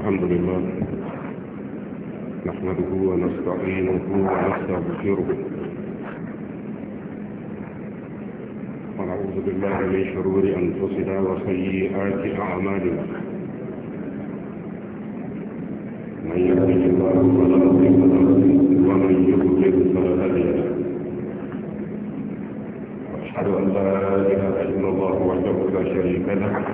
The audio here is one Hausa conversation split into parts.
الحمد لله نحمده ونستعينه ونستغفره ونعوذ بالله من شرور أنفسنا وسيئات أعمالنا من يهدي الله فلا مضل له ومن يضلل فلا هادي له أشهد أن لا إله إلا الله وحده لا شريك له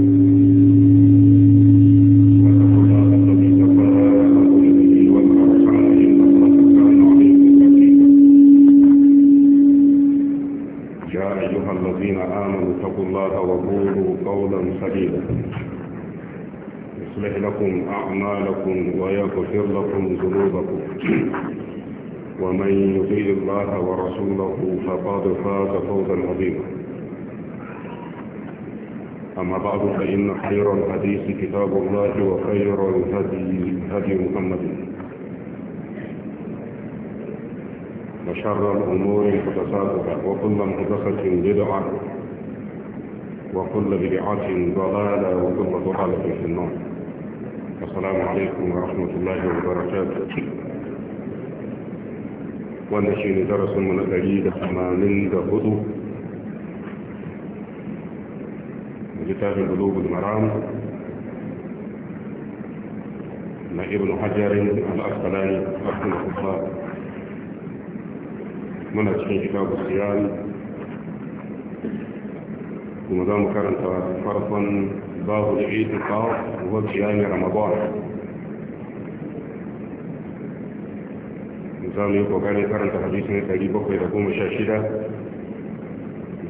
لكم أعمالكم ويغفر لكم ذنوبكم ومن يطيع الله ورسوله فقد فاز فوزا عظيما أما بعد فإن خير الحديث كتاب الله وخير الهدي هدي محمد وشر الأمور محدثاتها وكل محدثة بدعة وكل بدعة ضلالة وكل ضلالة في النار السلام عليكم ورحمة الله وبركاته وانا شين درس من الأليل أمامين دهدو كتاب قلوب المرام ما ابن حجر الأسقلاني رحمه الله من أجيد كتاب الصيام ومدام كرنت فرصا باب العيد القار هو قيام رمضان مثال يوكو كان يقرن تحديث من تقريبا في رقوم الشاشرة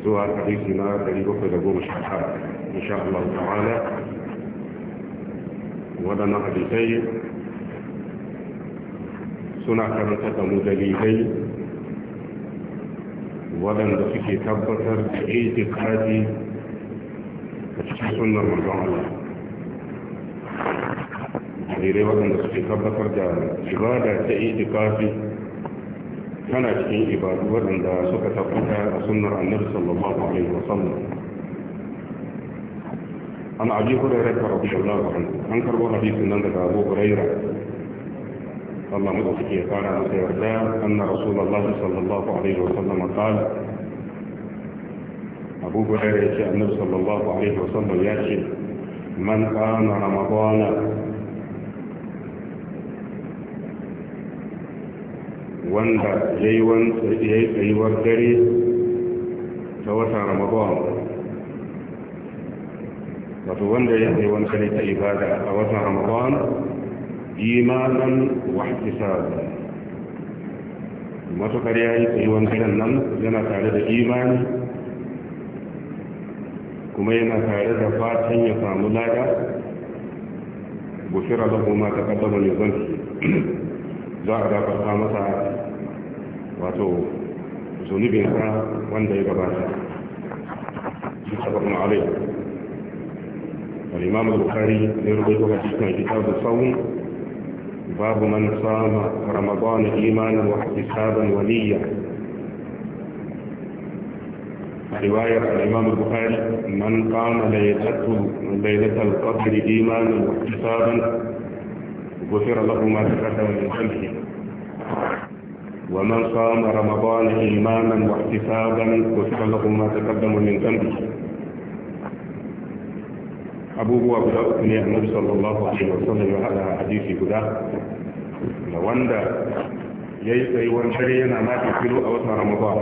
زوار حديث من تقريبا في رقوم الشاشرة إن شاء الله تعالى ودنا حديثي سنة كرن تتمو دليلي ودن دفكي تبطر بإيد sunnar manzon Allah jarirai waɗanda suke tabbatar da ibada ta itikafi tana cikin ibadu waɗanda suka tabbata a sunnar annabi sallallahu alaihi wasallam an abi hurairah radiyallahu anhu an karbo hadisin nan daga Abu Hurairah Allah mu da suke fara masa yarda anna rasulullahi sallallahu alaihi wasallam qala أبو بغير النبي صلى الله عليه وسلم ياسر من قام رمضان وندى جيوان أيوار داري فوتى رمضان فتواندى جيوان خليت إبادة فوتى رمضان إيمانا واحتسابا ما تقريعي أيوان خلال نم لنا تعليد إيمان kuma yana tare da fatan ya samu lada bushira lahu ma taqaddama min dhanbi za a gafarta masa wato zunubin sa wanda ya gabata mutafaqun alayh al-imam al-bukhari ne rubuta hadisin kitab as-sawm باب من صام رمضان ايمانا واحتسابا ونيه رواية الإمام البخاري من قام ليلة ليلة القدر إيمانا واحتسابا غفر له ما تقدم من ذنبه ومن قام رمضان إيمانا واحتسابا غفر له ما تقدم من خلفه أبو هو أبو داود بن النبي صلى الله عليه وسلم على حديث هدى لوندا يسأل وانشري أنا ما تقبلوا أوسع رمضان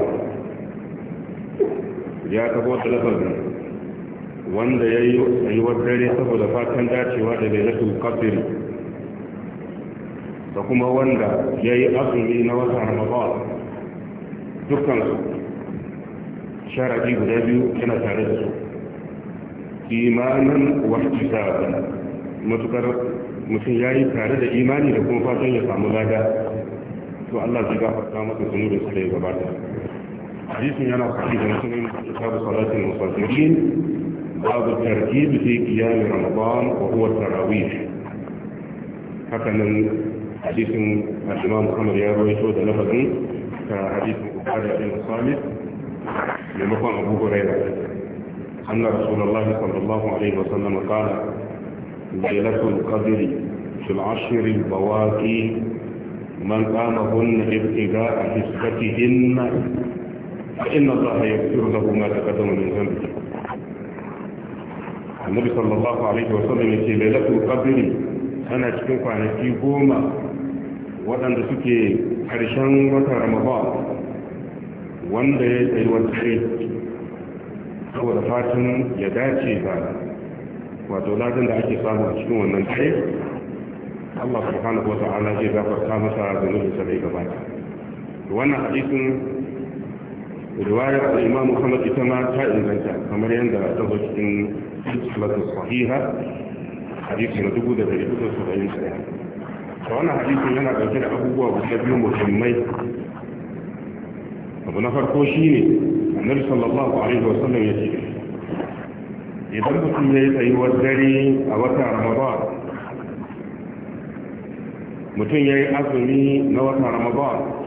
ya kafa wata lafazin wanda ya yi tsayuwar dare saboda fatan dacewa da zafi kafin da kuma wanda ya yi azumi na wata ramadan dukkan sharaɗi guda biyu yana tare da su imanan wasu sa'adu matukar mutum ya yi tare da imani da kuma fatan ya samu lada to Allah zai gafarta masa da su da ya gabata hadisin yana fashi da muslim أصحاب صلاة المسافرين بعض الترتيب في قيام رمضان وهو التراويح هكذا حديث الإمام محمد يا روي سود لفظا إيه؟ كحديث بخاري بن صالح لمقام أبو هريرة أن رسول الله صلى الله عليه وسلم قال ليلة القدر في العشر البواقي من قامهن ابتداء حسبتهن فإن الله يغفر له ما تقدم من ذنبه النبي صلى الله عليه وسلم يقول ليلة القدر أنا cikin kwanaki goma waɗanda suke ƙarshen watan ramadan wanda ya tsaye wani saboda fatan ya dace ba wato ladin da ake samu a cikin wannan tsaye Allah subhanahu wa ta'ala zai gafarta masa zunubinsa da ya gabata wannan riwayar al'imam muhammad ita ma ta inganta kamar yadda ta zo cikin salatu sahiha hadisi na dubu da dari hudu saba'in saya ta wannan hadisin yana ɗauke da abubuwa guda biyu muhimmai abu na farko shi shine annabi sallallahu alaihi wa sallam ya ce idan mutum ya yi tsayuwar dare a wata ramadan mutum ya yi azumi na wata ramadan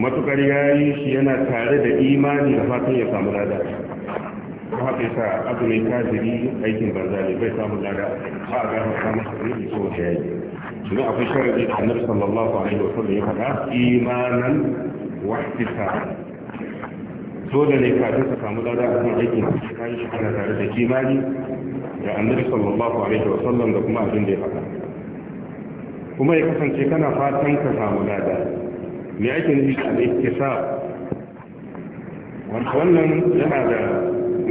matukar ya yi shi yana tare da imani da fatan ya samu lada ta haka yasa azumin kafiri aikin banza ne bai samu lada ba a gano samun ne ko da yayi shi akwai sharadi da annabi sallallahu alaihi wasallam ya faɗa imanan wa ihtisab dole ne kafin ka samu lada a kan aikin ka yi shi kana tare da imani da annabi sallallahu alaihi wasallam da kuma abin da ya faɗa kuma ya kasance kana fatan ka samu lada me ake nufi da al wannan yana da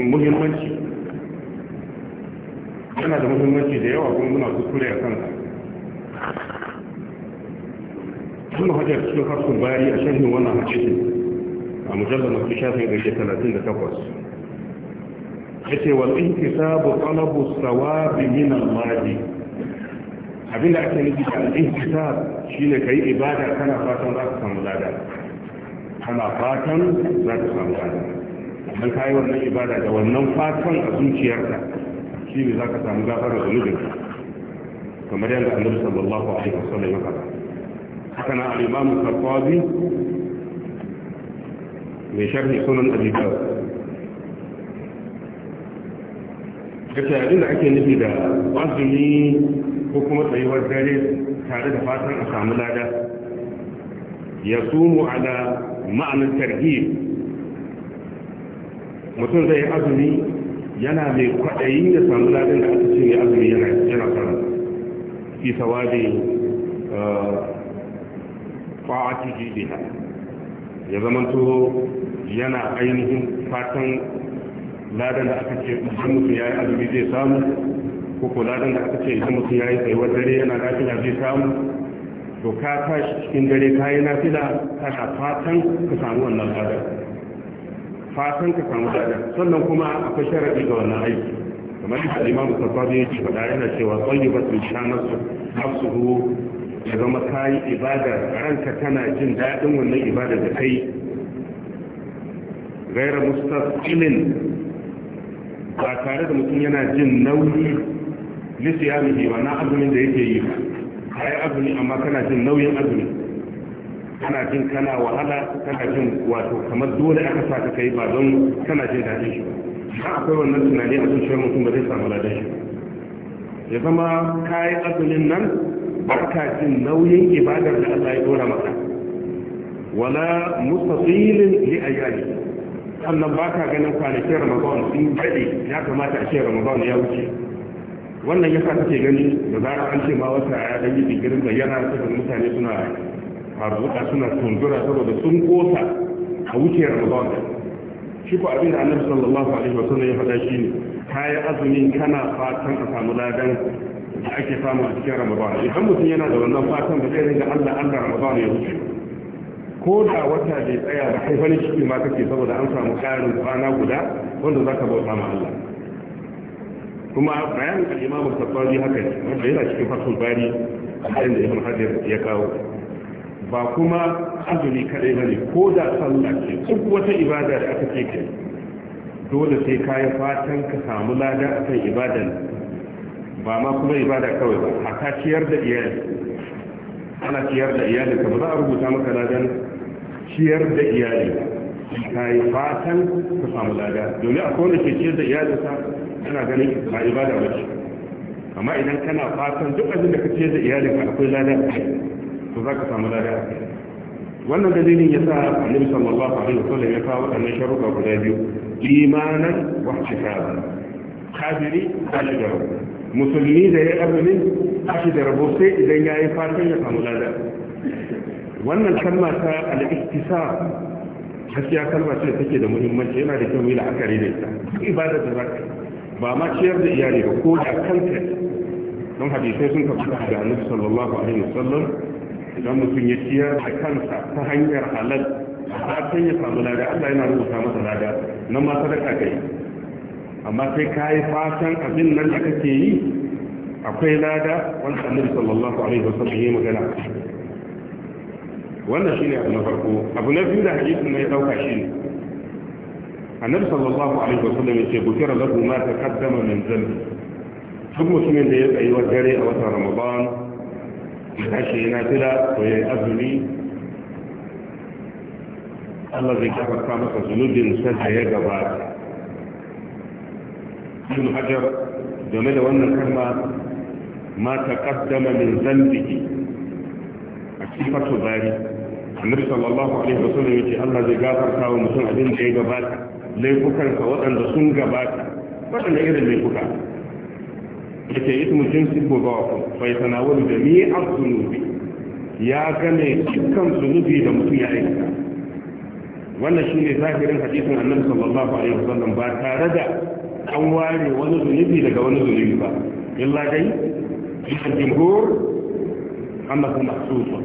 muhimmanci yana da muhimmanci da yawa kuma muna kuskure a kansa tun hajjar cikin harsun bayani a shahin wannan hadisin a mujallar na shafin ɗauke talatin da takwas ya ce wal ihtisabu talabu sawabi min al-mali abin da ake nufi da ne shine kai ibada kana fatan za ka samu lada kana fatan za ka samu lada dan kai wannan ibada da wannan fatan a zuciyarka shine za ka samu da zunubinka kamar yadda annabi sallallahu alaihi wasallam ya faɗa haka na al-imamu al-qawi mai sharhi sunan abi dawud kace abin da ake nufi da azumi ko kuma tsayuwar dare tare da fatan a samu lada ya sumu ala ma'anin tarhib mutum zai azumi yana mai kwaɗayi da samu ladan da aka ce ya azumi yana yana fara fi sawabi uh, fa'ati jibiha ya zamanto yana ainihin fatan ladan da aka ce mutum ya yi azumi zai samu ko ko da aka ce idan mutum ya yi tsayuwar dare yana lafiya zai samu to ka tashi cikin dare ka yi lafiya kana fatan ka samu wannan ladan fatan ka samu ladan sannan kuma akwai sharadi ga wannan aiki kamar da imamu sabbabi yake faɗa yana cewa tsayyibatun shanasu nafsuhu ya zama ka yi ibada ranka tana jin daɗin wannan ibada da kai gaira mustaqilin ba tare da mutum yana jin nauyi lisiyamihi wannan azumin da yake yi kai azumi amma kana jin nauyin azumi kana jin kana wahala kana jin wato kamar dole aka sa ka kai ba don kana jin daɗin shi ba akwai wannan tunani a zuciyar mutum ba zai samu ladan shi ya zama kayi azumin nan ba ka jin nauyin ibadar da Allah ya dora maka wala mustasilin li ayyali sannan ba ka ganin kwanakin ramadan sun daɗe ya kamata a ce ramadan ya wuce wannan yasa kake gani da za an ce ma wata ya dan yi digirin da yana cikin mutane suna harbuka suna tunzura saboda sun kosa a wuce ramadan shi ko abin da annabi sallallahu alaihi wa sallam ya faɗa shine kai azumin kana fatan ka samu ladan da ake samu a cikin ramadan idan mutum yana da wannan fatan da zai ringa Allah Allah ramadan ya wuce ko da wata bai tsaya da kai wani ciki ma kake saboda an samu ƙarin kwana guda wanda zaka bauta ma Allah kuma bayan al-imam al haka ne wanda yana cikin fasul bari bayan da imam hajar ya kawo ba kuma azumi kadai bane ko da sallah ce duk wata ibada da aka ce kai dole sai ka yi fatan ka samu lada akan ibadan ba ma kuma ibada kawai ba haka ciyar da iyali ana ciyar da iyali ka ba za a rubuta maka ladan ciyar da iyali ka yi fatan ka samu lada domin akwai wanda ke ciyar da iyalinsa kana ganin ba ibada ba ce amma idan kana fatan duk abin da ka ce da ka akwai lada kai to za ka samu lada kai wannan dalilin ya sa annabi sallallahu alaihi wasallam ya kawo waɗannan sharuɗa guda biyu imanan wa ihtisaban kafiri ala da musulmi da ya abu a ashi da rabo sai idan yayi fatan ya samu lada wannan kalma ta al-ihtisab gaskiya kalma ce take da muhimmanci yana da kyau mu yi la'akari da ita ibada da zaka ba ma ciyar da iyali ba ko da kanka don hadisai sun kafa da annabi sallallahu alaihi wasallam idan mutum ya ciyar da kansa ta hanyar halal ba ta ya samu lada Allah yana rubuta masa lada nan ma sadaka kai amma sai ka fatan abin nan da kake yi akwai lada wanda annabi sallallahu alaihi wasallam ya magana wannan shine abu na farko abu na biyu da hadisin mai dauka shine النبي صلى الله عليه وسلم يقول له ما تقدم من ذنبه ثم سمين دي أيوة جري أو رمضان الأشياء ناتلة وهي الله الذي كفر قامة ذنوب سجع يقبار ابن حجر جميل وأن كما ما تقدم من ذنبه كيف تباري النبي صلى الله عليه وسلم يقول الله زي قافر كاو مسلم عدين جاي قباري laifukanka waɗanda sun gabata waɗanda irin laifuka da ke ismu jinsi bugawa bai sanawar da ni a zunubi ya gane cikin zunubi da mutum ya aikata wannan shi ne zahirin hadisun annabi sallallahu alaihi wasallam ba tare da an ware wani zunubi daga wani zunubi ba illa dai cikin jimhur annabi mahsusa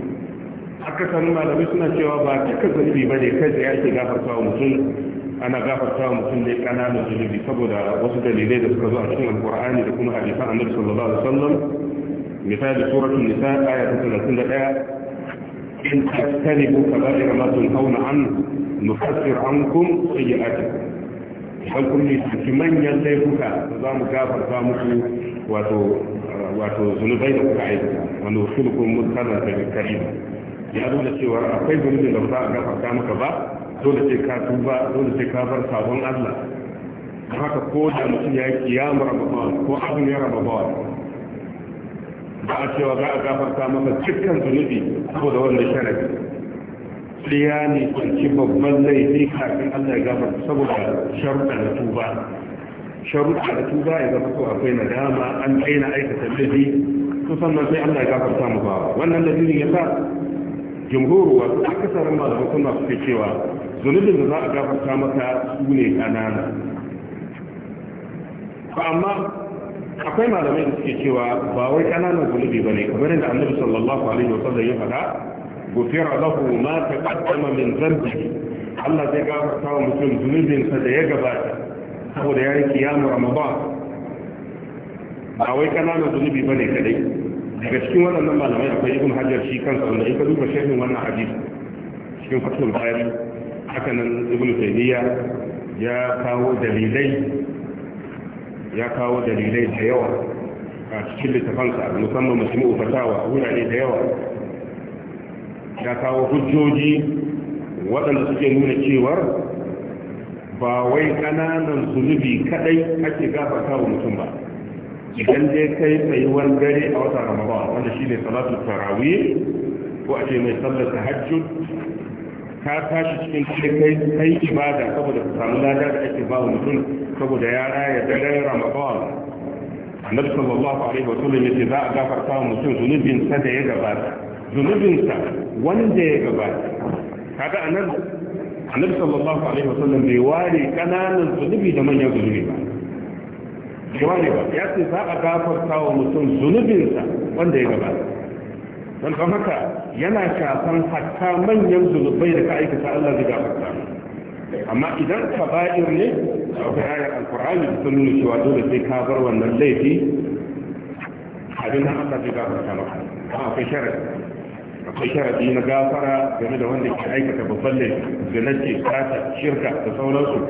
akasarin malamai suna cewa ba cikin zunubi ba ne kai da ya ke gafarta wa mutum ana gafarta wa mutum ne kananan zunubi saboda wasu dalilai da suka zo a cikin alkur'ani da kuma hadisan annabi sallallahu alaihi wasallam misali suratul nisa aya ta 31 in tajtanibu kaba'ir ma tunhauna an nukaffir ankum sayyi'atikum idan kun yi su manyan laifuka za mu gafarta muku wato wato zunubai da kuka aikata wani usulukun mutanen da karima ya nuna cewa akwai zunubin da ba za a gafarta maka ba dole sai ka tuba dole sai ka bar sabon Allah haka ko da mutum ya kiyama bawa ko abin ya raba bawa. ba a cewa za a gafarta masa cikin zunubi saboda wannan sharadi sai ya ne kwanci babban laifi kafin Allah ya gafarta saboda sharuɗa na tuba sharuɗa da tuba ya zama ko akwai nadama an daina aikata laifi to sannan sai Allah ya gafarta mu ba wannan dalilin ya yasa jumhur wa akasarin malamai suna suke cewa zunubin da za a gafarta maka su ne kanana ba amma akwai malamai da suke cewa ba wai kananan zunubi ba ne kamar yadda annabi sallallahu alaihi wa sallam ya faɗa gufira lahu ma taqaddama min dhanbi Allah zai gafarta wa mutum zunubin sa da ya gabata saboda ya yi kiyamu ramadan ba wai kananan zunubi ba ne kadai daga cikin waɗannan malamai akwai ibn hajar shi kansa wanda in ka duba shehin wannan hadisi cikin fatul bayani haka nan ibn taymiya ya kawo dalilai ya kawo dalilai da yawa a cikin littafansa musamman musulmi fatawa wurare da yawa ya kawo hujjoji waɗanda suke nuna cewar ba wai ƙananan zunubi kaɗai ake gafarta wa mutum ba idan dai kai tsayuwar dare a wata ramadan wanda shi ne salatu tarawih ko a ce mai sallar tahajjud ka tashi cikin kai kai ibada saboda ka samu lada da ake ba mutum saboda ya raya dai ramadan annabi sallallahu alaihi wa sallam yace za a gafarta wa mutum zunubin sa da ya gabata zunubin sa wanda ya gabata kaga anan annabi sallallahu alaihi wa sallam bai ware kananan zunubi da manyan zunubi ba bai ba ya ce za a gafarta wa mutum zunubin sa wanda ya gabata don haka yana shafan hatta manyan zunubai da ka aikata Allah zai gafarta amma idan kaba'ir ne akwai ayar alkur'ani da sun nuna cewa dole sai ka bar wannan laifi abin nan Allah zai gafarta maka amma akwai sharadi akwai sharadi na gafara game da wanda ke aikata babban laifi da nake shirka da sauransu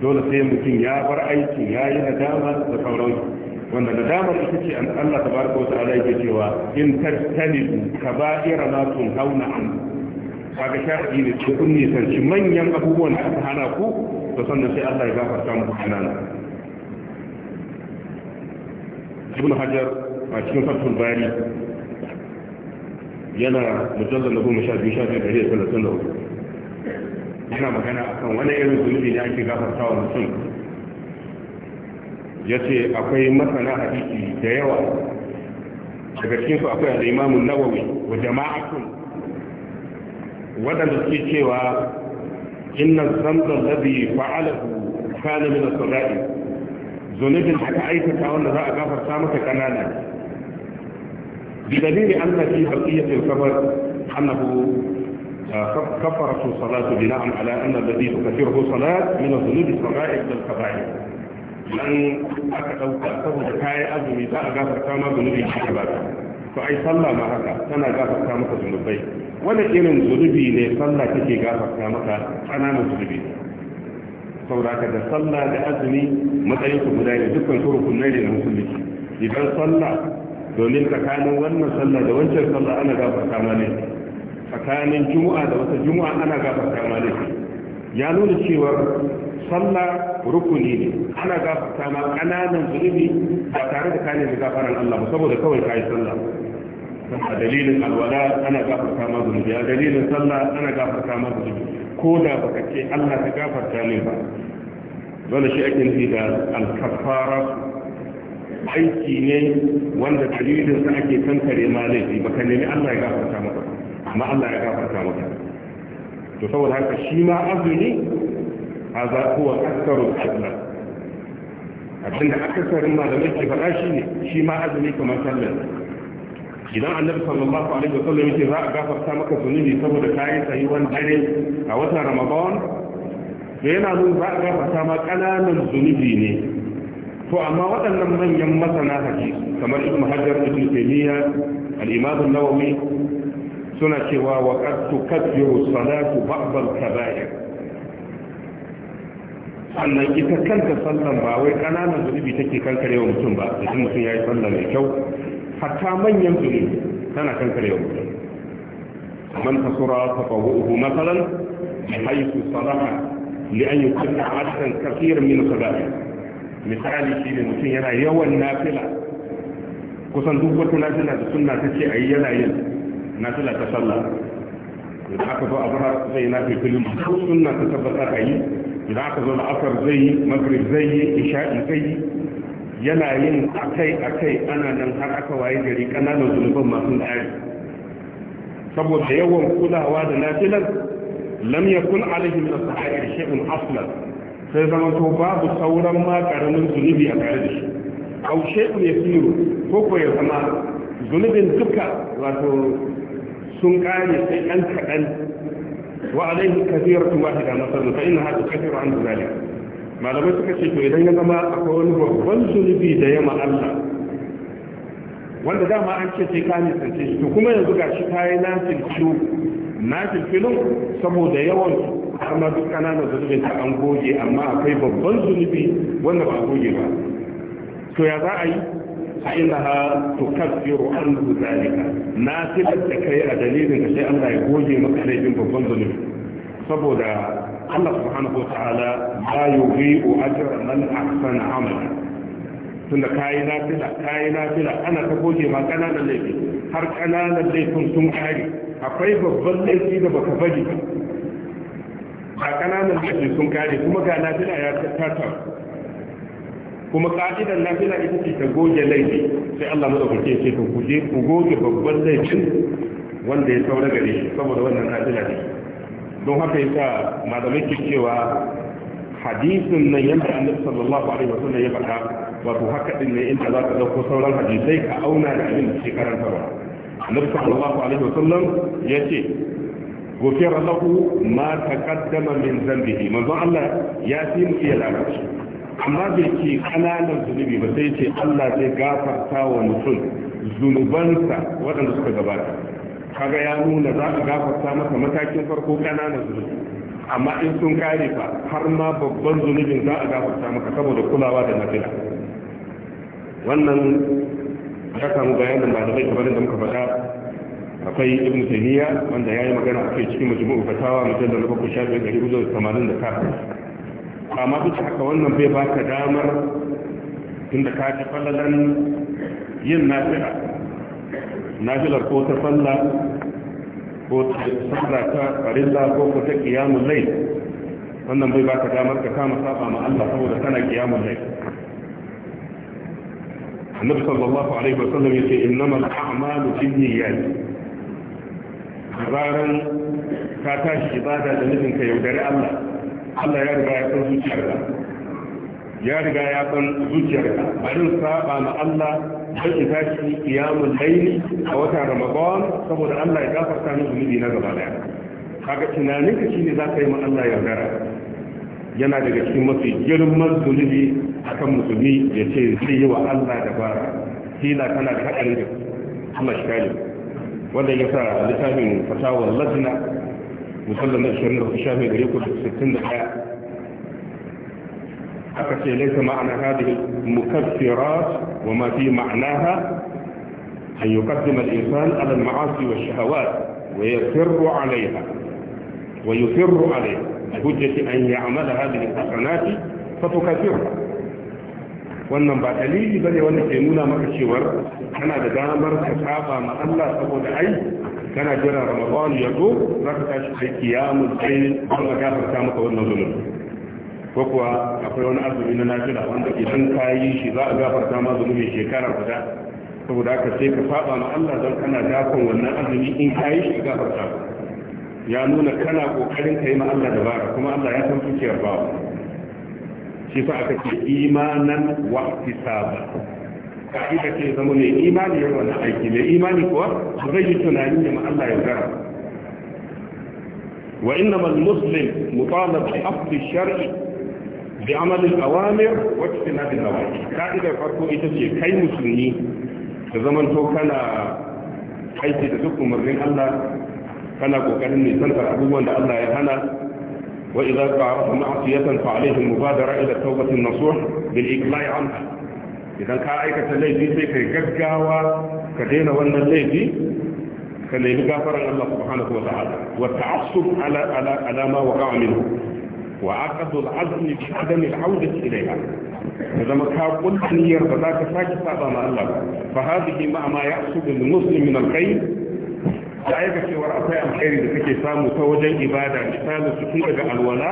dole sai mutum ya bar aiki ya yi nadama da sauransu wanda da damar ita ce Allah ta tabaraka wata'ala yake cewa in tattali kaba'ira ma tun hauna an kaga sharadi ne ce kun nisanci manyan abubuwan da aka hana ku to sannan sai Allah ya gafarta muku kanana ibn hajar a cikin fatul bari yana mujallar na goma sha biyu sha biyu da riyar talatin da hudu yana magana akan wani irin zunubi ne ake gafarta wa mutum ya ce akwai masana ciki da yawa daga cikinsu akwai al'imamun nawawi wa jama'atun waɗanda suke cewa inna zamzan labi fa'alahu kana min as-sada'i zunubin aka aikata wanda za a gafarta maka kanana bi dalili anna fi baqiyati al-qabr annahu كفرت الصلاة بناء على أن الذي تكفره صلاة من الذنوب الصغائر للكبائر idan aka ɗauka saboda kayan azumi za a gafarta ma zunubi shi ba to ai sallah ma haka tana gafarta maka zunubai wani irin zunubi ne sallah take gafarta maka ƙananan zunubi sauraka da sallah da azumi matsayin su guda ne dukkan su rukunai ne na musulunci idan sallah domin tsakanin wannan sallah da wancan sallah ana gafarta ma ne tsakanin juma'a da wata juma'a ana gafarta ma ne ya nuna cewa sallah rukuni ne ana gafarta ma kananan zunubi ba tare da kane da gafaran Allah ba saboda kawai kai sallah a dalilin alwala ana gafarta ma zunubi a dalilin sallah ana gafarta ma zunubi ko da baka ce Allah ka gafarta ne ba dole shi ake nufi da alkafara aiki ne wanda dalilin sa ake kankare ma laifi ba ka nemi Allah ya gafarta maka amma Allah ya gafarta maka to saboda haka shi ma azumi haza huwa aksaru sallah abinda akasarin malamai ke faɗa shi ne shi ma azumi kamar sallar idan annabi sallallahu alaihi wa sallam yake za a gafarta maka zunubi saboda yi tsayuwan dare a watan ramadan da yana nuna za a gafarta ma kananan zunubi ne to amma waɗannan manyan masana hadisi kamar ibn hajar ibn taymiya al-imam an-nawawi suna cewa wa qad tukaffiru salatu ba'd al-kaba'ir sannan ita kanta sallan ba wai ƙananan zunubi take kankarewa mutum ba idan mutum ya yi sallah mai kyau hatta manyan zunubi tana kankarewa mutum man tasura tafawuhu masalan haythu salaha li an yukanna addan kaseeran min salati misali shi ne mutum yana yawan nafila kusan duk wata nafila da sunna take ayi yana yin nafila ta sallah da aka zo azhar sai nafilin sunna ta tabbata yi. idan aka zo asar zai yi magrib zai yi isha'i zai yi yana yin akai akai ana nan har aka waye gari kananan zunuban masu tsari saboda yawan kulawa da nafilan lam yakun alaihi min as-sahari aslan sai zama to babu sauran ma karamin zunubi a tare da shi au shay'un yasiru ko ko ya zama zunubin duka wato sun kare sai ɗan kaɗan وعليه كثيرة واحدة مثلا فإنها تكثر عن ذلك ما لم تكشف إذا ينما أقول والذل بي ديما الله wanda dama an ce sai ka nisance shi to kuma yanzu ga shi kayi na filfilu saboda yawan har ma duk ƙananan zunubin ta an goge amma akwai babban zunubi wanda ba a goge ba to ya za a yi fa innaha tukaffiru anhu zalika nafilar da kai a dalilinka da sai Allah ya goge maka laifin babban zunubi saboda Allah subhanahu wataala la yughi'u ajra man ahsana amala tunda kayi nafila nafila ana ta goge ma kananan laifin har kananan laifin sun kare akwai babban laifi da baka bari ba kananan laifi sun kare kuma ga nafila ya tattara kuma ka'idar lafiya ita ce ta goge laifi sai Allah dauke ce to ku je ku goge babban laifin wanda ya saura gare shi saboda wannan ka'ida ne don haka yasa malamai ke cewa hadisin nan yanda annabi sallallahu alaihi wasallam ya faɗa wato haka din ne inda za ka dauko sauran hadisai ka auna da abin da ke karanta ba annabi sallallahu alaihi wasallam ya ce gofiyar lahu ma taqaddama min zambihi manzo Allah ya fi mu iya lalace amma bai ce kananan zunubi ba sai ce Allah zai gafarta wa mutum zunubansa waɗanda suka gabata kaga ya nuna za a gafarta masa matakin farko kananan zunubi amma in sun kare fa har ma babban zunubin za a gafarta maka saboda kulawa da nafila wannan ya samu bayanin malamai kamar da muka faɗa akwai ibn taymiya wanda yayi magana akai cikin majmu'u fatawa da 7 shafi amma duk haka wannan bai baka damar tunda ka ji fallalan yin nafila nafilar ko ta falla ko ta sabra ta farilla ko ko ta kiyamun lai wannan bai baka damar ka kama saba ma Allah saboda kana kiyamun lai annabi sallallahu alaihi wasallam yace innamal a'malu binniyati zaran ka tashi ibada da nufin ka yaudari Allah Allah ya riga ya san zuciyarka ya riga ya san zuciyarka bari saba ma Allah don ki tashi qiyamul layl a watan Ramadan saboda Allah ya gafarta min zunubi na gaba daya kaga tunaninka shine za ka yi ma Allah yaudara yana daga cikin mafi girman zunubi akan musulmi ya ce zai yi wa Allah dabara Hila kana da haɗarin da Allah shi wanda ya sa littafin fatawar lajina musallar na 23 shafi 361 aka ce laisa ma'ana hadhihi mukaffirat wa ma fi ma'naha an yuqaddima al-insan ala al-ma'asi wa shahawat wa yusirru 'alayha wa yusirru 'alayha bi hujjati an ya'mala hadhihi al-hasanati fatukaffiruha wannan ba dalili bane wanda ke nuna maka cewar kana da damar ka saba ma Allah saboda ai kana jira Ramadan ya zo za ka tashi kai kiyamul kai Allah ya farka maka wannan zulumi ko kuwa akwai wani azumi na nafila wanda idan ka yi shi za a gafarta ma zulumi shekara guda saboda ka sai ka saba ma Allah don kana dakon wannan azumi in ka yi shi gafarta ya nuna kana kokarin ka yi ma Allah dabara kuma Allah ya san zuciyar bawa shi fa aka ce imanan wa ihtisaba ka'ida ce zama mai imani yawan wannan aiki mai imani kuwa zai yi tunani da ma Allah ya gara wa innamal muslim mutalab bi aqdi shar'i bi amal al awamir wa ijtinab al nawahi ka'idar farko ita ce kai musulmi da zaman to kana aiki da duk umarnin Allah kana kokarin nisantar abubuwan da Allah ya hana وإذا تعرف معصية فعليه المبادرة إلى التوبة النصوح بالإقلاع عنها إذا كان أيكة الليدي سيكي قدقاوة كدين وأن الليدي كان يغفر الله سبحانه وتعالى والتعصب على على على ما وقع منه وعقد العزم بعدم العودة إليها إذا ما كان قلت نير فذاك ساكت مع الله فهذه مع ما يحصل للمسلم من الخير da aika cewar akwai alkhairi da kake samu ta wajen ibada misalin su tun daga alwala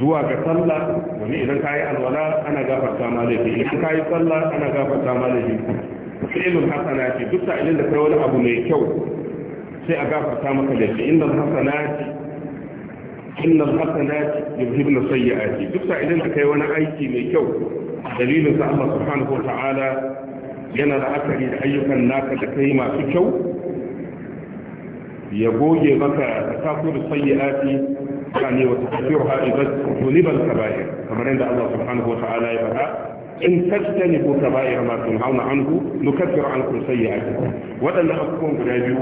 zuwa ga sallah wani idan kayi alwala ana gafarta ma laifi idan kayi sallah ana gafarta ma laifi fi'ilun hasana ce duk sa'ilin da kai wani abu mai kyau sai a gafarta maka laifi inda hasana ce inna al-hasanat yuzhibna sayyi'ati duk da sa'ilin da kai wani aiki mai kyau dalilin sa Allah subhanahu wa ta'ala yana la'akari da ayyukan naka da kai masu kyau ya goge maka takur sayyi'ati yani wa tukfiruha idan tunibal kaba'ir kamar yadda Allah subhanahu wa ta'ala ya faɗa in ko masu tajtanibu kaba'ir ma tunhauna anhu nukaffiru ankum sayyi'atikum wadannan abubuwan guda biyu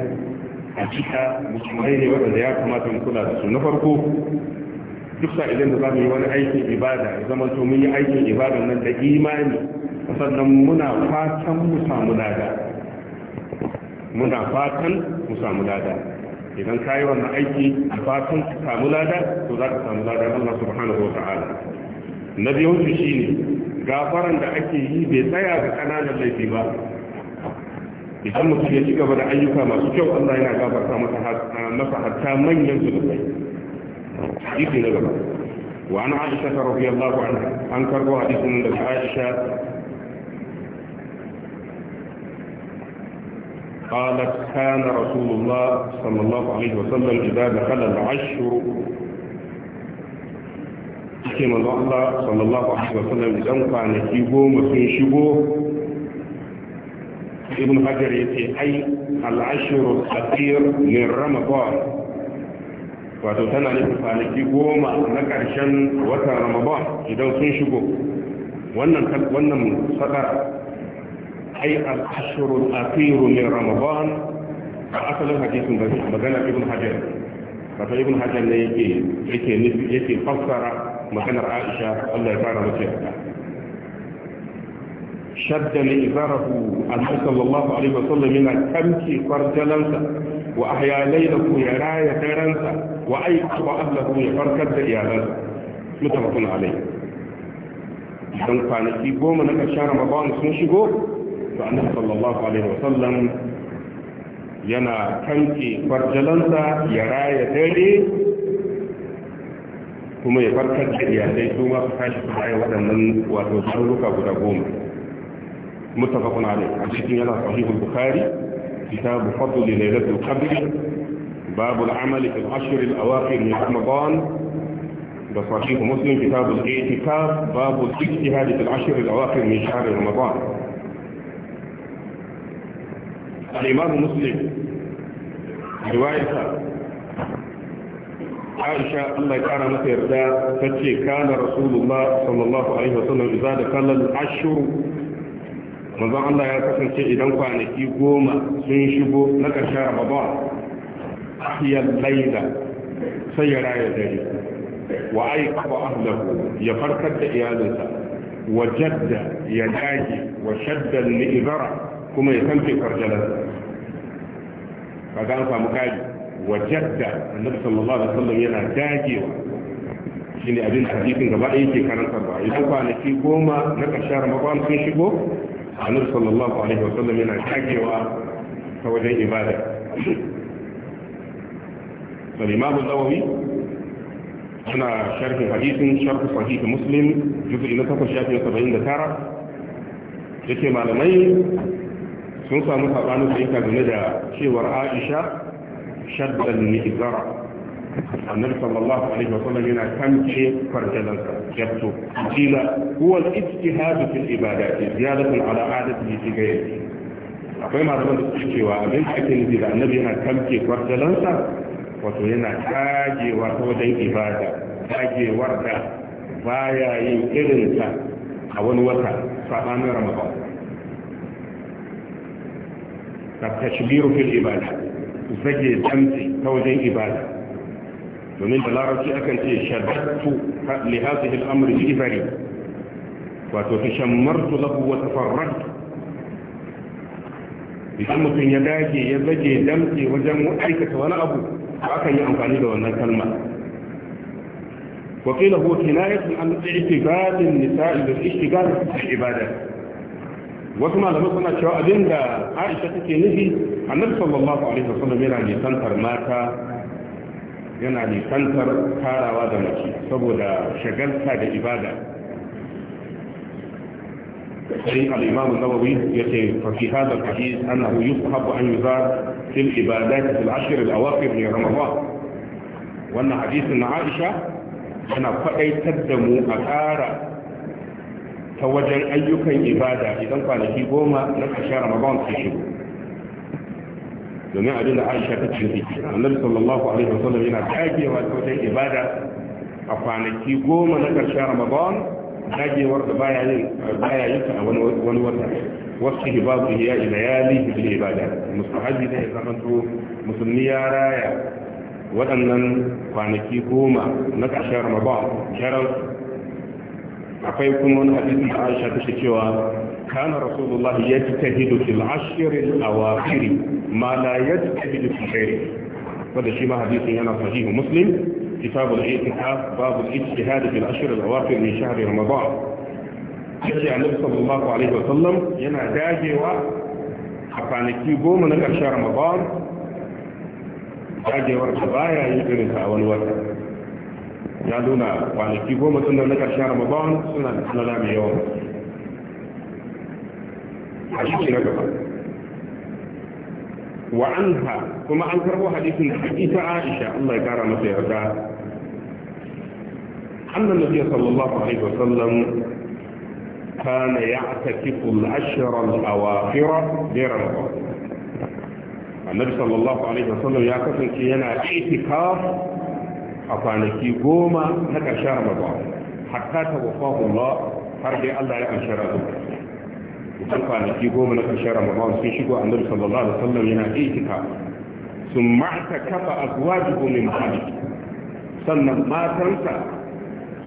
a cika musulmai ne waɗanda ya kamata mu kula da su na farko duk sa idan da mu yi wani aikin ibada ya zama to mun yi aikin ibada nan da imani sannan muna fatan mu samu lada muna fatan mu samu lada idan ka yi wannan aiki a fatan ka samu lada to za ka samu lada Allah subhanahu wa ta'ala na biyu su ne, gafaran da ake yi bai tsaya ga kananan laifi ba idan mutum ya ci gaba da ayyuka masu kyau Allah yana gafarta masa hatta manyan zunubai hadisi na gaba wa an aisha radiyallahu anha an karbo hadisin da aisha قالت كان رسول الله صلى الله عليه وسلم إذا دخل العشر كما الله صلى الله عليه وسلم إذا كان يجيبه مسنشبه ابن حجر يتي أي العشر الأخير من رمضان wato tana nufin kwanaki goma na ƙarshen watan ramadan idan sun shigo wannan wannan sadara ai al-ashru al-akhir min ramadan a asalin hadisin da magana ibn hajar wato ibn hajar ne yake yake yake fassara maganar aisha Allah ya fara mace shadda li izarahu annabi sallallahu alaihi wasallam yana tamki farjalansa wa ahya laylahu ya raya taransa wa aika wa ahlahu ya farkar da iyalansa mutafakun alaihi dan kwanaki goma na ƙarshen ramadan sun shigo فأنا صلى الله عليه وسلم ينا كنكي فرجلنسا يرى يتالي ثم يفرقك يا سيدوما فحاش فحاية ودنن وتوزارك ودقوم متفق عليه الشيطان يلا صحيح البخاري كتاب فضل ليلة القدر باب العمل في العشر الأواخر من رمضان بصحيح مسلم كتاب الاعتكاف باب الاجتهاد في العشر الأواخر من شهر رمضان الإمام مسلم رواية عائشة الله كان مترداء فتي كان رسول الله صلى الله عليه وسلم إذا دخل العشر مضى الله يتسن شيء إذا كان يقوم سنشبه لك شهر رمضان أحيا الليلة سيرا يدري وأيقظ أهله يفرك إيالته وجد يداجي وشد النئذره kuma ya san cikar kamfe farjalarsa kaga an samu Wajen da annabi sallallahu alaihi wasallam yana dagewa shine abin hadisin gaba ɗaya yake karantar ba idan kwanaki goma na ƙarshen ramadan sun shigo annabi sallallahu alaihi wasallam yana dagewa ta wajen ibada فالإمام النووي أنا شرح حديث شرح صحيح مسلم جزء إلى تقل شافية 70 تارة yake malamai sun samu sabanin fahimta game da cewar aisha shaddal mizara annabi sallallahu alaihi wasallam yana kamce farjalansa yatto kila huwa al-ijtihad fi al-ibadat ziyadatan ala adati fi ghayri akwai masu da suke cewa abin da ake nufi da annabi yana kamce farjalansa wato yana kagewa ta wajen ibada kagewar da baya yin irin irinsa a wani wata sabanin ramadan tashbiru fil ibada zage damtsi ta wajen ibada domin da larabci akan ce shaddatu li hadhihi al-amr bi ibari wato tashammartu lahu wa tafarratu idan mutum ya dage ya zage damtsi wajen aikata wani abu akan yi amfani da wannan kalma وقيل هو كناية عن اعتقاد النساء بالاشتغال في العبادات wasu malaman suna cewa abin da aisha take nufi annabi sallallahu alaihi wasallam yana nisantar mata yana nisantar tarawa da mace saboda shagalta da ibada sai al-imam an-nawawi yace fa fi hadha al-hadith annahu yusahabu an yuzar fil ibadat fil ashr al-awaqir min ramadan wannan hadisin na aisha yana faɗaitar da mu a ƙara ta wajen ayyukan ibada idan kwanaki goma na ƙarshen ramadan ke shigo domin abin da aisha ta ce ciki annabi sallallahu alaihi wasallam yana dagewa ta wajen ibada a kwanaki goma na ƙarshen ramadan dagewar da baya yin baya yin a wani wani wata wasu hibabu ya ilayali bil ibada mustahabi ne ya zamanto musulmi ya raya waɗannan kwanaki goma na ƙarshen ramadan jaran akwai kuma wani hadisin da Aisha take cewa kana rasulullahi yajtahidu fil ashr a awakhir ma la yajtahidu fi ghairi wanda shi ma hadisin yana sahihu muslim kitab al i'tikaf bab al ijtihad fil ashr al awakhir min shahr ramadan yace annabi sallallahu alaihi wa sallam yana dagewa a kwanaki goma na ƙarshen ramadan dagewar ta baya yin irin ta wani wata ya nuna kwanaki goma suna na ƙarshen ramadan suna da tsanana mai yawa a na gaba wa an ha kuma an karbo hadisin da ita aisha allah ya kara masa yarda annan nabiya sallallahu alaihi wasallam كان يعتكف العشر الأواخر لرمضان النبي صلى الله عليه وسلم يعتكف كينا اعتكاف a kwanaki goma na ƙarshen ramadan hatta ta wafahu Allah har dai Allah ya anshi razu kusan kwanaki goma na ƙarshen ramadan sun shigo annabi sallallahu alaihi wasallam yana aikita sun ma'ata kafa azwajuhu min hadi sannan matansa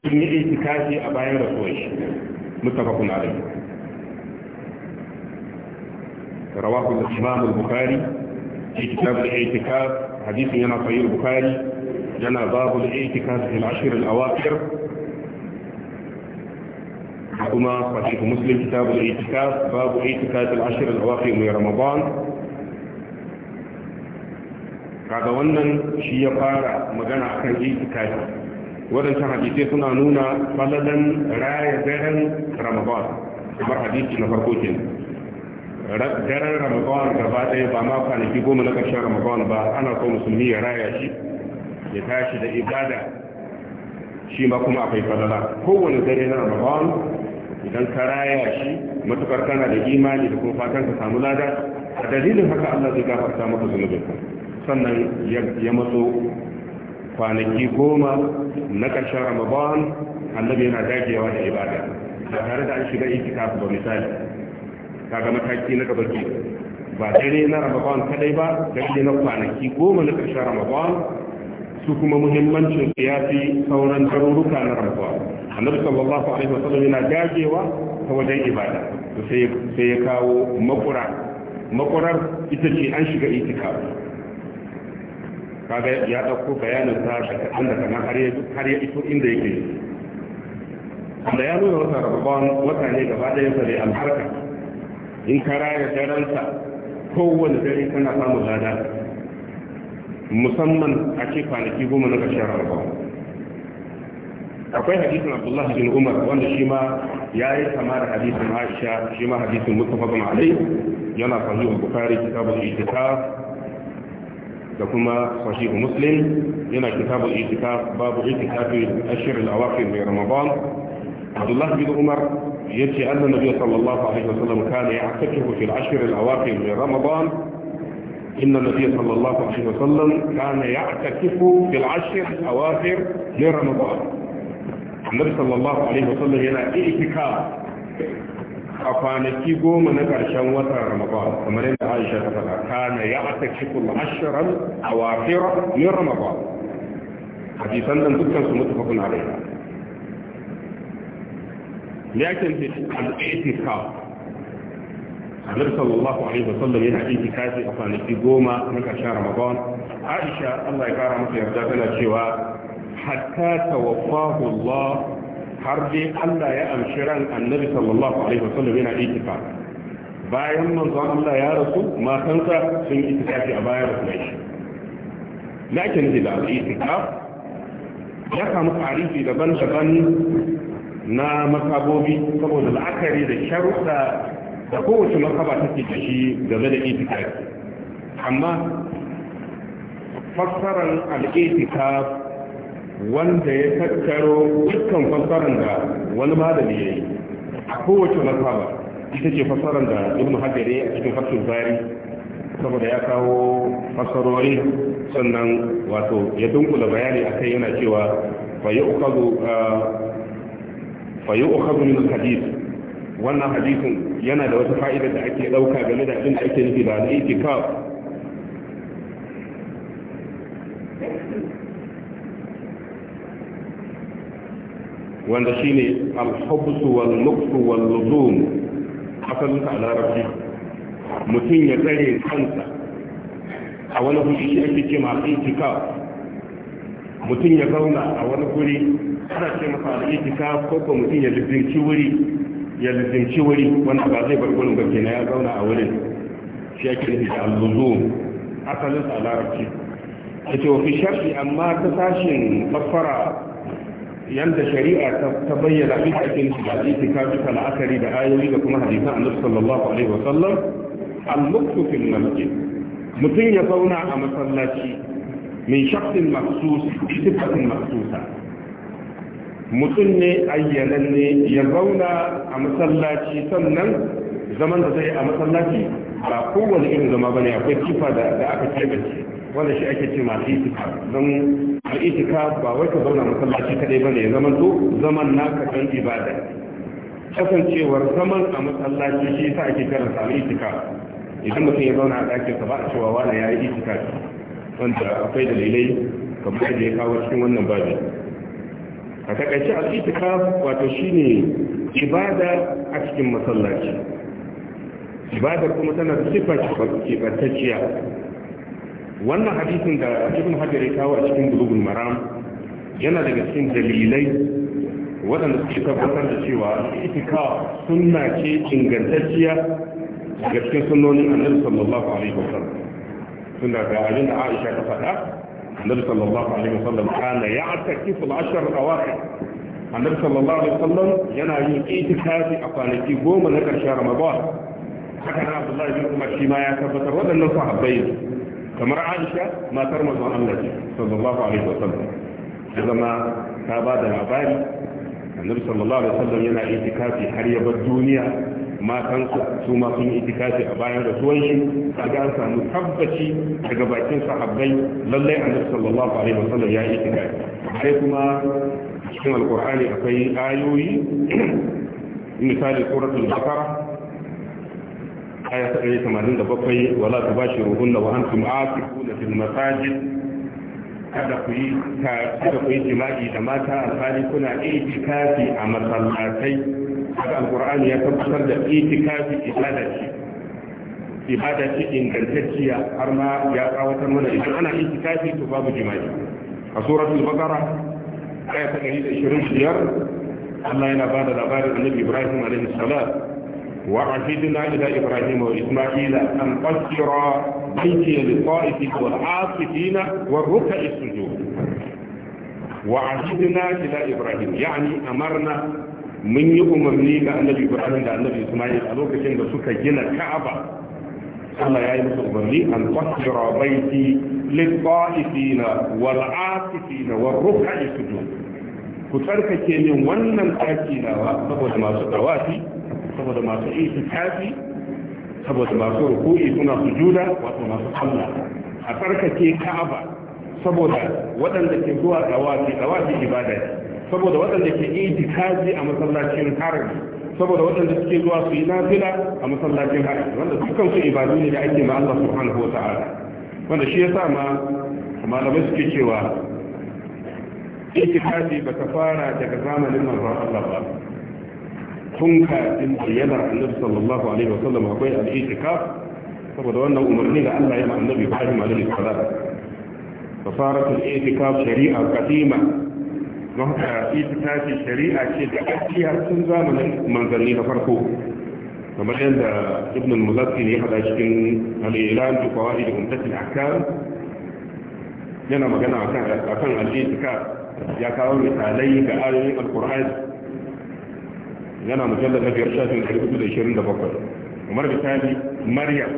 sun yi itikafi a bayan rasuwar shi mutafakun alaihi رواه الإمام البخاري في كتاب الاعتكاف حديث ينا صحيح البخاري yana babu al-i'tikaf fil ashr al-awakhir kuma sahih muslim kitab al-i'tikaf babu i'tikaf fil ashr al-awakhir min ramadan kaga wannan shi ya fara magana akan i'tikaf wadannan hadisi suna nuna falalan raya daren ramadan kamar hadisi na farko kenan daren ramadan gaba ɗaya ba ma kwanaki goma na ƙarshen ramadan ba ana so musulmi ya raya shi ya tashi da ibada shi ma kuma akwai fadala kowane dare na ramadan idan ka raya shi matukar kana da imani da kuma fatan ka samu lada a dalilin haka Allah zai gafarta maka zunubin sannan ya matso kwanaki goma na ƙarshen ramadan annabi yana dagewa da ibada ba tare da an shiga itikaf ba misali kaga mataki na gaba ba dare na ramadan kadai ba dare na kwanaki goma na ƙarshen ramadan su kuma muhimmancin su ya fi sauran tarurruka na rantsuwa annabi sallallahu alaihi wasallam yana dagewa ta wajen ibada sai ya kawo makura makurar ita ce an shiga itikaf kaga ya dauko bayanin sa da kadan da kadan har ya har ya iso inda yake da ya nuna wata rabban wata ne gaba ɗaya sa da alharka. in ka raya daren sa kowanne dare kana samun lada musamman a ce kwanaki goma na ƙarshen ramadan akwai hadisin abdullahi bin umar wanda shi ma ya yi kama da hadisin aisha shi ma hadisin mustafa bin alai yana sahihul bukhari kitabu itikaf da kuma sahih muslim yana kitabu itikaf babu fi ashir al-awaqir min ramadan abdullahi bin umar yace annabi sallallahu alaihi wasallam kana ya'takifu fil ashir al-awaqir min ramadan إن النبي صلى الله عليه وسلم كان يعتكف في العشر الأواخر من رمضان النبي صلى الله عليه وسلم ينا اعتكاف أفانكي قوم نكر شنوة رمضان كما رأينا عائشة تفضل كان يعتكف العشر الأواخر من رمضان حديثا لم تكن متفق عليها لكن الاعتكاف annabi sallallahu alaihi wasallam yana itikafi a kwanaki goma na ramadan aisha Allah ya kara masa yarda tana cewa hatta tawaffahu Allah har dai Allah ya amshi ran annabi sallallahu alaihi wasallam yana itikafi bayan manzon Allah ya rasu matansa sun itikafi a bayan rasulai shi lakin da al'itikaf ya kama tarihi daban-daban na makabobi saboda la'akari da sharuɗa da kowace mazhaba take da shi game da itikaf amma fassarar al-itikaf wanda ya tattaro dukkan fassarar da wani malami ya yi a kowace mazhaba ita ce fassarar da ibn hajjare a cikin fasul bari saboda ya kawo fassarori sannan wato ya dunkula bayani akai yana cewa fa yu'khadhu ah, fa min al-hadith wannan hadisin yana da wata fa'idar da ake ɗauka game da abin da ake nufi da al'itikaf wanda shi ne alhabsu wal nuksu wal luzum asalinsa a larabci mutum ya tsare kansa a wani guri shi ake ce ma al'itikaf mutum ya zauna a wani guri ana ce masa al'itikaf ko ko mutum ya lizinci wuri ya lizinci wuri wanda ba zai bar gurin ba ya zauna a wurin shi ake nufi da al-luzum asalin sa larabci yace wa fi shar'i amma ta sashin mafara yadda shari'a ta bayyana abin da ake nufi da al-itikafi ta la'akari da ayoyi da kuma hadisan annabi sallallahu alaihi wa sallam al-muktu fil mutum ya zauna a masallaci min shakhsin maksus sifatin maksusa mutum ne ayyanan ne ya zauna a masallaci sannan zaman da zai a masallaci ba kowane irin zama bane akwai kifa da aka kebace wanda shi ake ce masu itika don itika ba wai ka zauna masallaci kadai bane ya zaman to zaman naka don ibada kasancewar zaman a masallaci shi sa ake karanta itika idan mutum ya zauna a ɗakinsa ba a cewa wani ya yi itika wanda akwai dalilai kamar da ya kawo cikin wannan babin a takaice al'itikaf wato shine ibada a cikin masallaci ibadar kuma tana da sifa keɓantacciya wannan hadisin da ibn hajar ya kawo a cikin bulugun maram yana daga cikin dalilai waɗanda suke tabbatar da cewa itika suna ce ingantacciya ga cikin sunnonin annabi sallallahu alaihi wasallam tun daga abin da Aisha ta faɗa النبي صلى الله عليه وسلم كان يعتكف العشر الاواخر النبي صلى الله عليه وسلم ينا يقيت هذه اقالتي قوم ذكر شهر رمضان حتى عبد الله بن عمر فيما يعتبر ترد ان صحابين كما راى عائشه ما ترمز عن النبي صلى الله عليه وسلم عندما ما تابع النبي صلى الله عليه وسلم ينا يقيت هذه حريه الدنيا matansa su ma sun yi itikafi a bayan rasuwan shi kaga an samu tabbaci daga bakin sahabbai lallai annabi sallallahu alaihi wasallam ya yi itikafi sai kuma cikin alqur'ani akwai ayoyi misali suratul baqara aya ta da bakwai wala tubashiruhunna wa antum aaqifuna fil masajid kada ku yi kada ku yi jima'i da mata alhali kuna itikafi a masallatai هذا القرآن يتبطر لإتكاف إبادتي الشيء إن تلتجي أرما يقاوة المنى إذن أنا إتكافي تفاب جمالي فسورة البقرة آية تقريد إشرين شير الله إن أباد الأباد النبي إبراهيم عليه السلام وعهدنا إلى إبراهيم وإسماعيل أن تسر بيتي للطائف والعاصفين والركع السجود وعهدنا إلى إبراهيم يعني أمرنا mun yi umarni ga annabi ibrahim da annabi isma'il a lokacin da suka gina ka'aba Allah ya yi musu umarni an tasira baiti lit-ta'ifina wal-'akifina war-ruk'i sujud ku tsarkake min wannan ɗaki nawa saboda masu tawafi saboda masu isu tafi saboda masu ruku'i suna su sujuda wato masu sallah a tsarkake ka'aba saboda waɗanda ke zuwa tawafi tawafi ibada ne saboda waɗanda ke itikafi a masallacin harami saboda waɗanda suke zuwa su yi nafila a masallacin harami wanda dukkan su ibadu ne da ake ma Allah subhanahu wa ta'ala wanda shi yasa ma malamai suke cewa itikafi ba ta fara daga zamanin manzon Allah ba tun kafin bayyanar annabi sallallahu alaihi wa sallam akwai al-itikaf saboda wannan umarni da Allah ya ma annabi Ibrahim alaihi salam fa saratul itikaf shari'a qadima don haka itikafi shari'a ce da gaskiya sun zamanin manzanni na farko kamar yadda ibn al-mulaqi ne hada cikin al-ilan bi qawaid umtat al-ahkam yana magana akan akan al-itikaf ya kawo misalai ga ayoyin al-qur'ani yana mujallad na biyar shafin da da 327 kamar misali maryam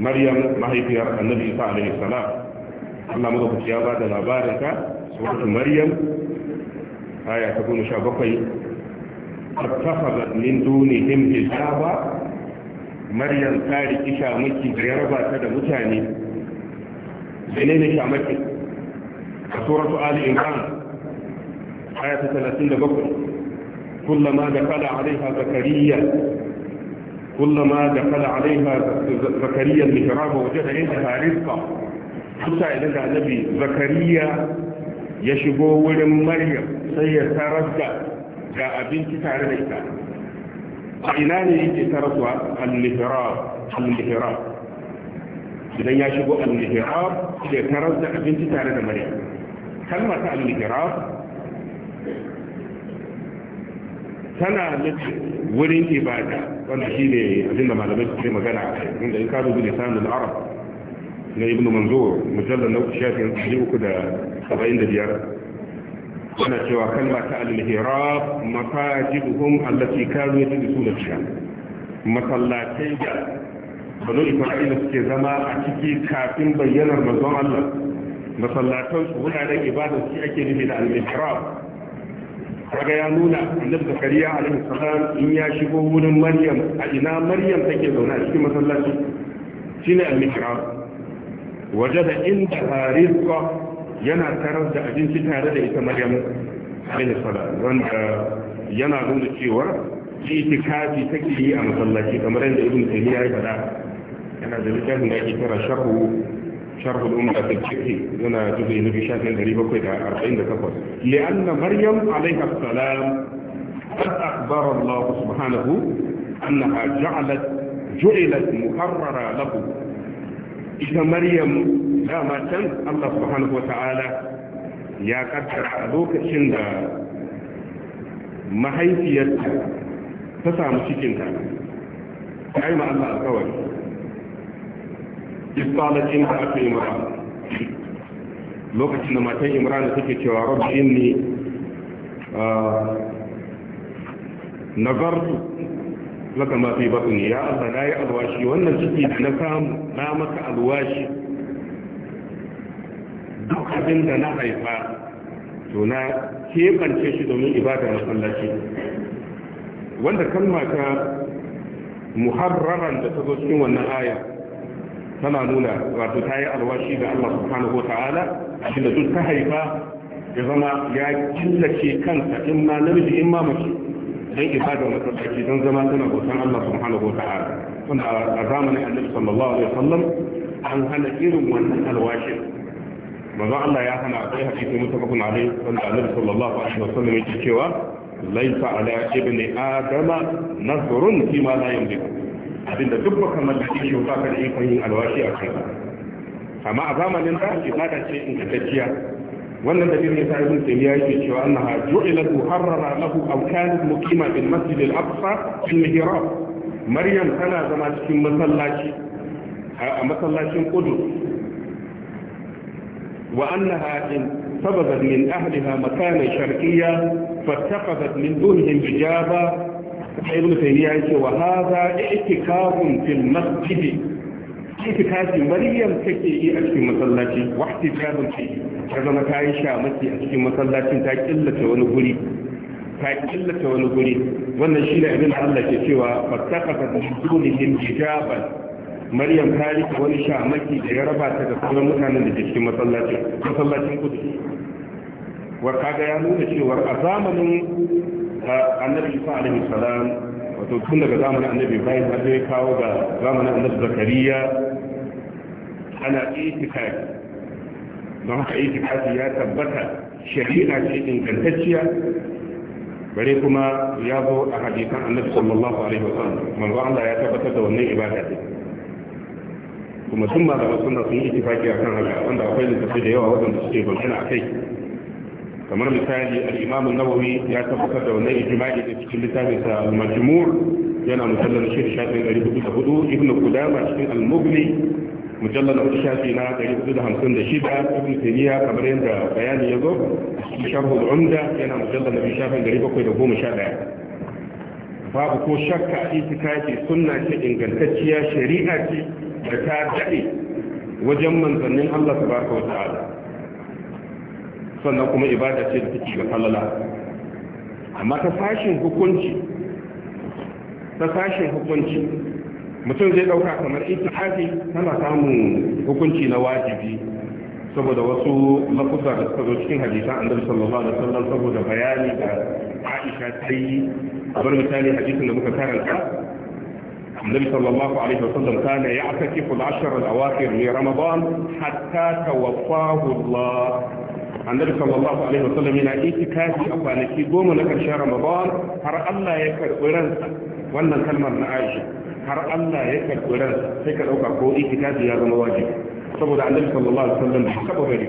maryam mahaifiyar annabi isa alaihi salam Allah mu ya ba da labarin ka سورة مريم آية تكون شابقي اتخذت من دونهم حجابا مريم تارك شامكي ربا تدى متاني منين شامكي سورة آل إمران آية 37 كلما دخل عليها زكريا كلما دخل عليها زكريا المهراب وجد عندها رزقا حتى إذا النبي زكريا ya shigo wurin maryam sai ya tarar da ga abinci tare da ita a ina ne yake tarasuwa al-mihrab al-mihrab idan ya shigo al-mihrab ya tarar da abinci tare da maryam kalmar ta al-mihrab tana nufin wurin ibada wanda shi ne abinda malamai suke magana a kai inda in ka dubi lisanul arab na ibn manzur mujallar na shafin 375 ana cewa kalma ta al-hirab mafajiduhum allati kanu yajlisuna fiha masallatai da banu isra'ila suke zama a ciki kafin bayyanar manzon Allah masallatan su wuraren ibada su ake nufi da al-mihrab kaga ya nuna annabi zakariya alaihi salam in ya shigo wurin maryam a ina maryam take zaune a cikin masallaci shine al-mihrab wajada inda rizqa yana tarar da abinci tare da ita maryam alaihi salam wanda yana nuna cewa itikafi take yi a masallaci kamar yadda ibn taymiya ya faɗa yana da littafin da ake kira sharhu شرح الأمة الفقهي هنا جزء النبي شاف من قريبا كده 40 دقيقة لأن مريم عليها السلام قد أخبر الله سبحانه أنها جعلت جعلت مقررة له ita maryam dama can Allah subhanahu wa ta'ala ya kaddara a lokacin da mahaifiyarta ta samu cikinta ta yi ma Allah alkawari istalacin da aka yi mura lokacin da matan imran take cewa rabbi inni ah, nazartu laka ma fi batni ya Allah na yi alwashi wannan ciki da na samu na maka alwashi duk abin da na haifa to na kebance shi domin ibadar masallaci wanda kalma ta muharraran da ta zo cikin wannan aya tana nuna wato ta yi alwashi da Allah subhanahu wa ta'ala shi da duk ta haifa ya zama ya killace kansa in ma namiji in ma mace dan isa ga masallaci don zama tana bautan Allah subhanahu wa ta'ala wanda a zamanin Annabi sallallahu alaihi wasallam an hana irin wannan alwashi manzo Allah ya hana akwai hadisi mutafakun alaihi wanda Annabi sallallahu alaihi wasallam yake cewa laisa ala ibni adama nazrun fi ma la yamliku abinda duk baka mallaki shi ba ka da ikon yin alwashi a kansa amma a zamanin da ibada ce ingantacciya wannan dalilin yasa ibn taymiya yake cewa annaha ju'ilat muharrara lahu aw kanat muqima bil masjid al aqsa fil mihrab maryam tana zama cikin masallaci a masallacin qudus wa annaha in sabadat min ahliha makana sharqiyya fattaqadat min dunihim bijaba ibn taymiya yake wa hadha i'tikafun fil masjid itikafi maryam take yi a cikin masallaci wa ihtijabun fihi ta zama ta yi shamaki a cikin masallacin ta killace wani guri ta killace wani guri wannan shi ne abin da Allah ke cewa fasaka ta da din hijaban Maryam ta yi wani shamaki da ya raba ta da sauran mutanen da ke cikin masallacin masallacin kudu wa kaga ya nuna cewa a zamanin annabi Isa alaihi salam wato tun daga zamanin annabi Ibrahim har sai kawo ga zamanin annabi Zakariya ana itikafi don haka itikadi ya tabbata shari'a ce ingantacciya bare kuma ya zo a hadisan annabi sallallahu alaihi wa sallam manzo Allah ya tabbatar da wannan ibada ce kuma sun ma da sunna sun yi ittifaki akan haka wanda akwai littafi da yawa wadanda suke bayyana kai kamar misali al-Imam an-Nawawi ya tabbatar da wannan ijma'i da cikin littafin sa al-Majmu' yana musallal shi shafin 404 Ibn Qudamah cikin al-Mughni mujallar na wani shafi na ɗari hudu da hamsin da shida ibn taymiya kamar yadda bayani ya zo sharhul umda yana mujallar na shafin ɗari bakwai da goma sha ɗaya babu ko shakka itikafi sunna ce ingantacciya shari'a ce da ta daɗe wajen manzannin Allah tabaraka wa ta'ala sannan kuma ibada ce da take ga falala amma ta fashin hukunci ta fashin hukunci mutum zai ɗauka kamar ittifaqi tana samun hukunci na wajibi saboda wasu lafuzza da suka zo cikin hadisan annabi sallallahu alaihi wasallam saboda bayani da Aisha ta yi bar misali hadisin da muka karanta النبي صلى الله عليه وسلم كان يعتكف العشر الأواخر من رمضان حتى توفاه الله النبي صلى الله عليه وسلم a kwanaki goma na لك شهر har Allah ya karɓi ورنسا wannan kalmar na Aisha. har Allah ya karɓi ran sai ka ɗauka ko itikafi ya zama wajibi saboda annabi sallallahu alaihi wasallam bai taɓa bari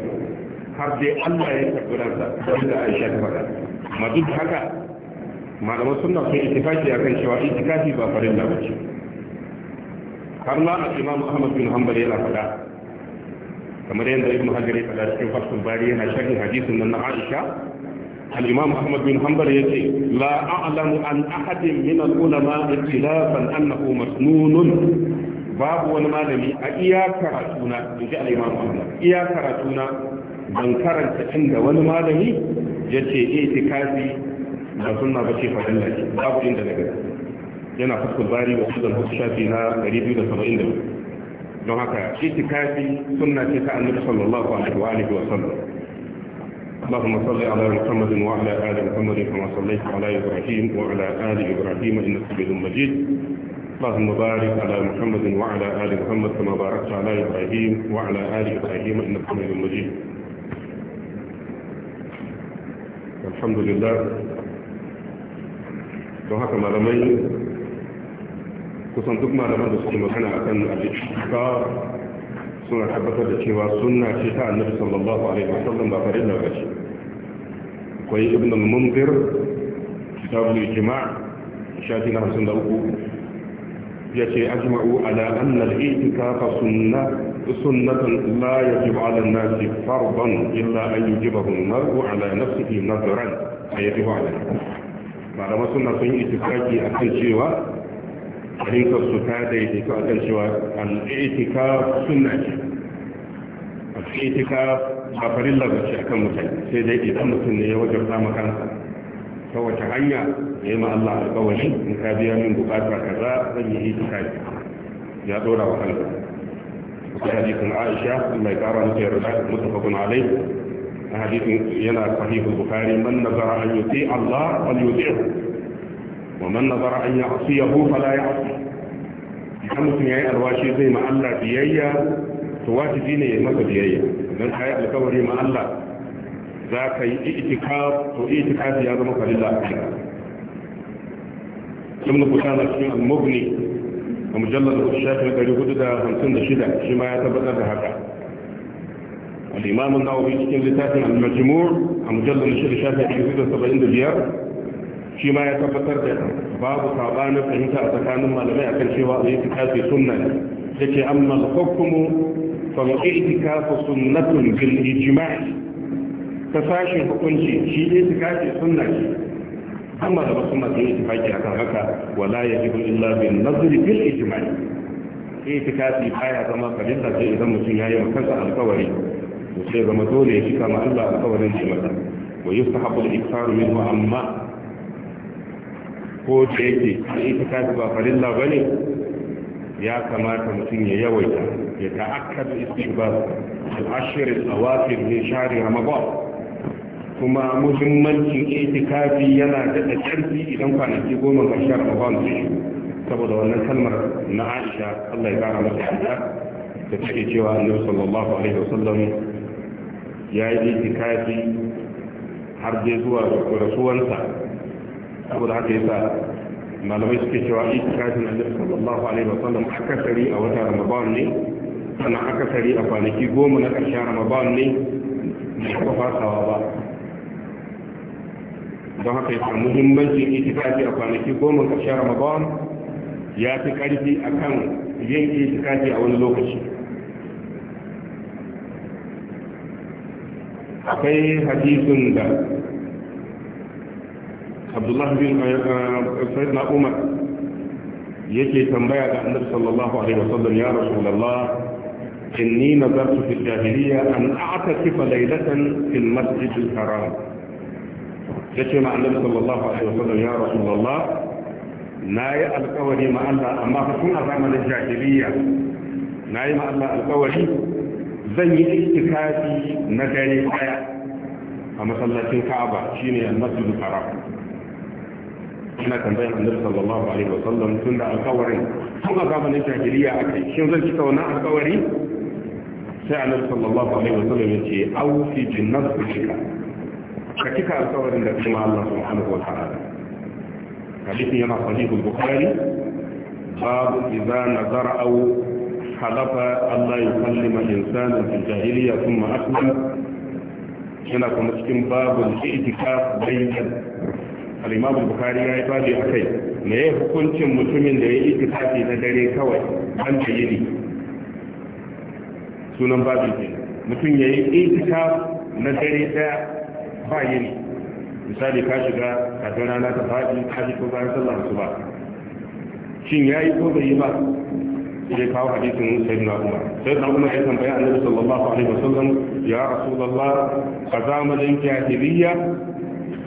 har dai Allah ya karɓi ran sa da Aisha ta faɗa amma duk haka malaman sunna sun ya kan cewa itikafi ba farin ba wuce har ma imam Ahmad bin Hanbal yana faɗa kamar yadda Ibn Hajar ya faɗa cikin fasul Bari yana sharhin hadisin nan na Aisha الإمام أحمد بن حنبل يقول لا أعلم عن أحد من العلماء اختلافا أنه مسنون باب والمالمي أيا كراتونا يجي الإمام أحمد أيا كراتونا من كرنت عند والمالمي يجي إيتكافي da sunna bace faɗin lafi babu inda daga yana fuskul bari wa sunan hutu shafi na 272 don haka itikafi sunna ce ta annabi sallallahu alaihi wa alihi wa sallam اللهم صل على محمد وعلى آل محمد كما صليت على إبراهيم وعلى آل إبراهيم إنك حميد مجيد اللهم بارك على محمد وعلى آل محمد كما باركت على إبراهيم وعلى آل إبراهيم إنك حميد مجيد الحمد لله وهكذا ما رمي kusan duk malaman da مكان أكن الإشتكار سنة suna tabbatar da شتاء النبي صلى الله عليه وسلم alaihi wasallam koy ibn al munzir kitabul ijma' shati na sun dalku ya ce ajma'u ala anna al i'tikaf sunna sunnatan la yajib ala an-nas fardan illa an yujibahu al-mar'u ala nafsihi nadran ayati wa ala ba da sunna sun itikafi akan cewa tarika su ta daidaita akan cewa al-i'tikaf sunna ce ba farilla ba ce mutane sai dai idan mutum ne ya wajen samun kansa ta wace hanya ya yi ma Allah alƙawari in ka biya min bukata kaza zan yi itikafi ya dora wa kansa akwai hadisin Aisha mai kara mata yarda mutafakun alai a hadisin yana sahihu bukari. man nazara an yuti Allah wal yuti'hu wa man nazara an ya ya'siyahu fala ya'si idan mutum ya yi alwashi zai ma Allah biyayya to wajibi ne ya yi masa biyayya don kayi alkawari ma Allah za ka yi itikaf to itikaf ya zama farilla a kanka ibn kusana cikin al-mughni a mujallar al shafin ɗari hudu da da shida shi ma ya tabbatar da haka al-imam an-nawawi cikin litafin al-majmu' a mujallar al shafin ɗari hudu da saba'in shi ma ya tabbatar da babu sabanin fahimta tsakanin malamai akan cewa a sunna ne yake amma al فالاعتكاف سنة في الإجماع تفاشي حكمشي شيء اعتكاف سنة أما لو سنة اعتكاف أكاهكا ولا يجب إلا بالنظر في بالإجماع اعتكافي حياة ما قلنا إذا مسيحا يمكسر القوري sai zama dole ya cika ma Allah alƙawarin shi mata wa yustahabbu al-iktaru ko da yake ita kafi ba farilla bane ya kamata mutum ya yawaita يتأكد استحباب العشر الأواخر من شهر رمضان كما مهمة اعتكافي ينا تتشرفي إذا كان يقوم من شهر رمضان saboda wannan kalmar na Aisha Allah ya kara mata yarda da take cewa Annabi sallallahu alaihi wasallam ya yi itikafi har dai zuwa rasuwansa saboda haka yasa malamai suke cewa itikafin Annabi sallallahu alaihi wasallam akasari a wata Ramadan ne sannan akasari a kwanaki goma na ƙarshen ramadan ne da aka fasawa ba don haka ya samu muhimmancin itikafi a kwanaki goma ƙarshen ramadan ya fi ƙarfi a kan yin itikafi a wani lokaci akwai hadisin da abdullahi bin sayyidina umar yake tambaya ga annabi sallallahu alaihi wasallam ya rasulullah إني نظرت في الجاهلية أن أعتكف ليلة في المسجد الحرام جاءت مع النبي صلى الله عليه وسلم يا رسول الله ناي القولي مع الله أما فكون أزعم الجاهلية ناي مع الله القولي زي اجتكافي نجري حياة أما صلى الله الكعبة شيني المسجد الحرام ina tambayar annabi sallallahu alaihi wasallam tun da alkawarin tun a zamanin jahiliya akai shin zan cika wannan alkawari sai a nan sallallahu alaihi wa sallam yace aw fi jinnat kushika ka kika alƙawarin da kuma Allah subhanahu wa ta'ala hadisi yana sahih al-bukhari babu idza nazara aw halafa Allah ya yusallima insana fi jahiliyya thumma aslam yana kuma cikin babu itikaf bayyin al-imam al-bukhari ya yi babu akai me hukuncin mutumin da ya yi itikafi na dare kawai an jahiliyya sunan babin ke mutum ya yi itikaf na dare daya ba yini misali ka shiga kafin rana ta faɗi ka ji ko bayan sallar su ba shin ya yi ko bai yi ba sai kawo hadisin sayyid na umar sai na umar ya tambaya annabi sallallahu alaihi wasallam ya rasulullah a zamanin jahiliya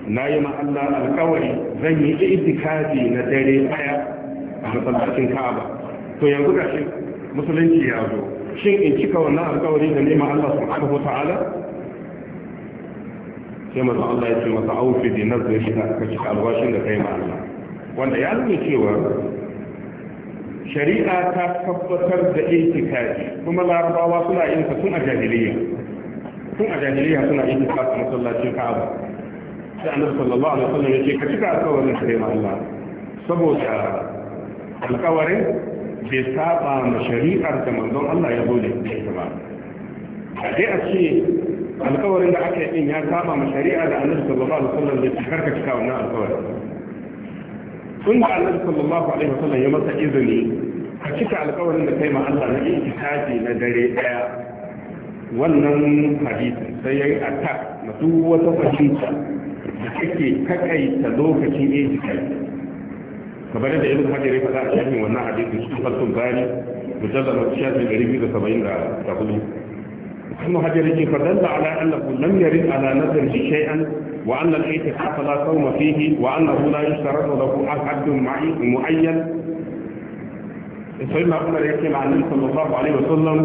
na yi Allah alkawari zan yi itikafi na dare daya a masallacin ka'aba to yanzu gashi musulunci ya zo shin in cika wannan alkawari da nema Allah subhanahu wata'ala sai maza Allah ya ce masa aufi bi nazari shi ka cika alwashin da kai ma Allah wanda ya nuna cewa shari'a ta tabbatar da itikafi kuma larabawa suna yin sa tun a jahiliya tun a jahiliya suna yin sa a masallacin Ka'aba sai Annabi sallallahu alaihi wasallam ya ce ka cika alkawarin da kai ma Allah saboda alkawarin bai saba ma shari'ar da manzon Allah ya zo da ita ba a dai a ce alkawarin da aka yi din ya saba ma shari'a da annabi sallallahu alaihi wasallam da karka cika wannan alkawarin tun da annabi sallallahu alaihi wasallam ya masa izini ka cika alkawarin da kai ma Allah na itikafi na dare daya wannan hadisi sai yayi attack na duk wata fahimta da take takaita lokacin itikafi kamar da ibn hajar ya faɗa a shafin wannan hadisi cikin fasul bani mujallal na shafin ɗari biyu da saba'in da hudu ibn hajar yake fadalla ala annahu lam yarid ala nazari shay'an wa anna al-i'tikaf la sawma fihi wa annahu la yushtaratu lahu ahadun mu'ayyan sai na kuma yake ma annabi sallallahu alaihi wasallam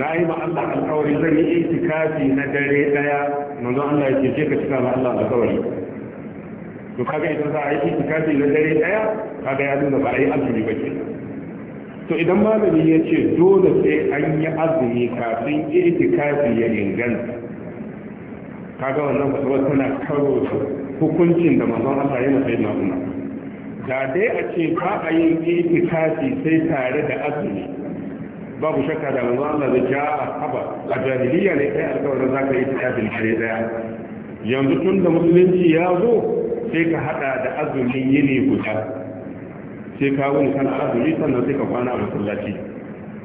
na yi ma Allah alƙawari zan yi itikafi na dare daya manzon Allah yake je ka cika ma Allah alƙawari to kaga idan za a yi itikafi na dare daya kaga ya nuna ba a yi azumi ba kenan to idan malami ya ce dole sai an yi azumi kafin itikafi ya inganta kaga wannan fatawa tana karo da hukuncin da manzon Allah ya masa yana kuma da dai a ce ba a yin itikafi sai tare da azumi babu shakka da manzon Allah da ja a haba a jahiliya ne kai alƙawarin za ka yi itikafin dare daya yanzu tun da musulunci ya zo sai ka hada da azumin yini guda sai ka wuni kana azumi sannan sai ka kwana a masallaci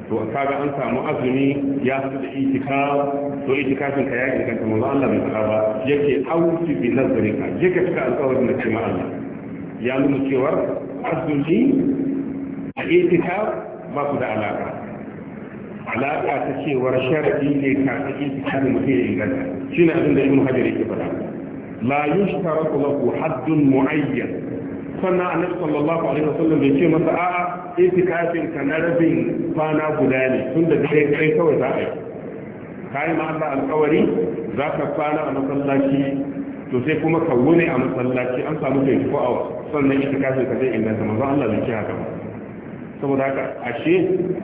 to kaga an samu azumi ya su da itika to itikafin ka ya inganta manzo Allah bai faɗa ba yake auki bi nazarika yake cika alƙawarin da kai Allah ya nuna cewar azumi a itika ba ku da alaka alaka ta cewar sharadi ne kafin itikafin mutum ya inganta shine abin da Ibn Hajar yake faɗa la yushtaratu lahu haddun mu'ayyan sannan annabi sallallahu alaihi wasallam bai ce masa a'a itikafin ka na rabin kwana guda ne tun da kai kai kawai za a yi kai ma Allah alƙawari za ka kwana a masallaci to sai kuma ka wune a masallaci an samu 24 hours sannan itikafin ka zai inganta manzo Allah bai ce haka ba saboda haka ashe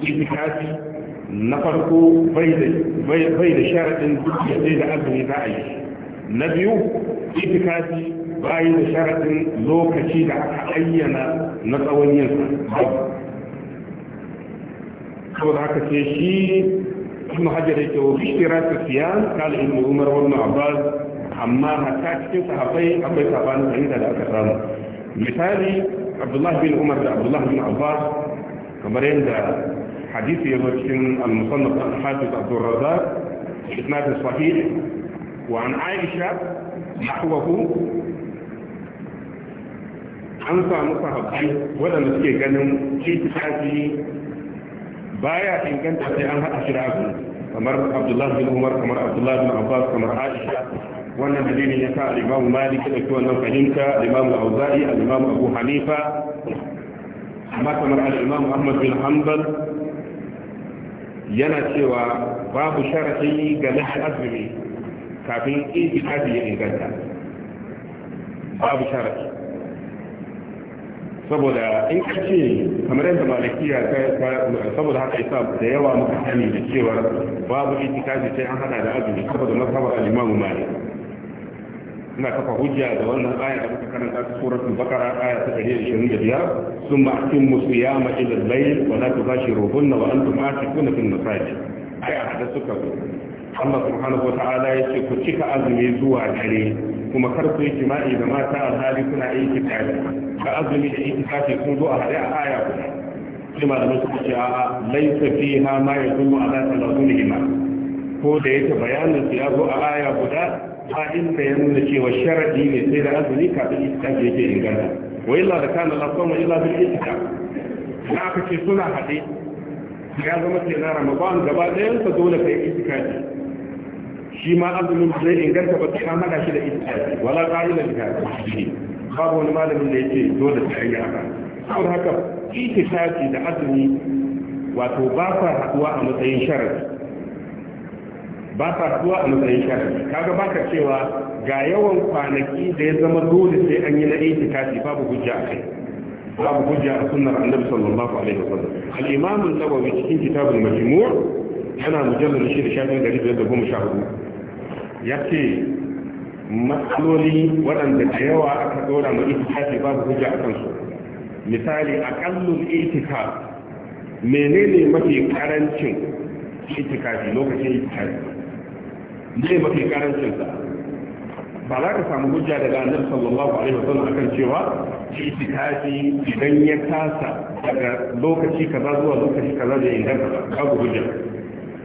itikafi na farko bai da sharaɗin duk da da azumi za a yi na biyu itikafi bayi da sharaɗin lokaci da aka ayyana na tsawon yin saboda haka ce shi ibn hajar yake wa bishira ta siyan kala ibn umar wa ibn abbas amma hatta cikin sahabbai akwai sabanin fahimta da aka samu misali abdullahi bin umar da abdullahi bin abbas kamar yadda hadisi ya zo cikin al-musannaf al-hafiz abdurrazzaq isnad sahih وعن عائشة نحوه an samu sahabbai waɗanda suke ganin kitabi baya inganta sai an haɗa shira abu kamar Abdullah bin Umar kamar Abdullah bin Abbas kamar Aisha wannan dalilin ya sa al-Imam Malik da kuma wannan fahimta al-Imam Al-Auza'i al-Imam Abu Hanifa amma kamar al-Imam Ahmad bin Hanbal yana cewa babu sharadi ga lahi azumi kafin itikafi ya inganta babu sharafi saboda in ka ce kamar yadda malakiya saboda haka isa da yawa muka sani da cewa babu itikafi sai an hada da azumi saboda masabar al-imamu malik ina kafa hujja da wannan aya da muka karanta ta suratul baqara aya ta 125 summa atimmu siyama ila al-layl wa la tubashiruhunna wa antum aakifuna fil masajid aya hada suka Allah subhanahu wata'ala ya ce ku cika azumi zuwa dare kuma kar ku yi jima'i da mata alhali kuna aiki tare ka azumi da aiki tafi sun zo a haɗe a aya guda sai malamai suka ce a'a laisa fiha ma yadullu ala talazunihima ko da yake bayanin su ya zo a aya guda ta inda ya nuna cewa sharadi ne sai da azumi kafin itikafi yake inganta wa illa da kana lafama illa bil itikaf na aka ce suna haɗe. ya zama na ramadan gaba ɗayan sa dole kai itikafi shi ma azumin zai inganta ba ta hana shi da ita wala qa'ila bi shi babu wani malamin da yake dole ta yi haka saboda haka itikafi da azumi wato ba sa haduwa a matsayin sharadi ba sa haduwa a matsayin sharadi kaga baka cewa ga yawan kwanaki da ya zama dole sai an yi na itikafi babu hujja a kai babu hujja a sunnar annabi sallallahu alaihi wasallam al-imam an-nawawi cikin kitabul majmu' yana mujallar shi da shafin ɗari biyar da goma sha hudu ya ce matsaloli waɗanda da yawa aka ɗora ma itikafi babu hujja a kansu misali a ƙallon itika menene mafi ƙarancin itikafi lokacin itikafi ne mafi ƙarancin sa ba za ka samu hujja daga annabi sallallahu alaihi sallam akan cewa itikafi idan ya kasa daga lokaci kaza zuwa lokaci kaza da inganta babu hujja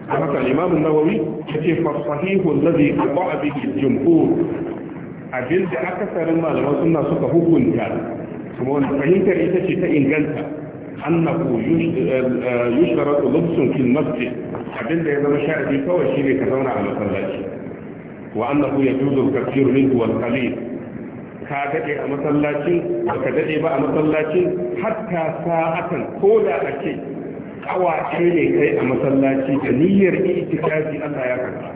قال الإمام النووي كيف الصحيح الذي قطع به الجمهور أجل أكثر ما لما سنة ستفوق كان ثم فهمت إذا كنت إن قلت أنه يشترط لبس في المسجد أجل إذا ما شاهد فوشي لكثونا على الثلاثة وأنه يجوز الكثير منه والقليل kaga dai a masallacin baka dade ba a awa ce ne kai a masallaci da niyyar itikafi Allah ya karba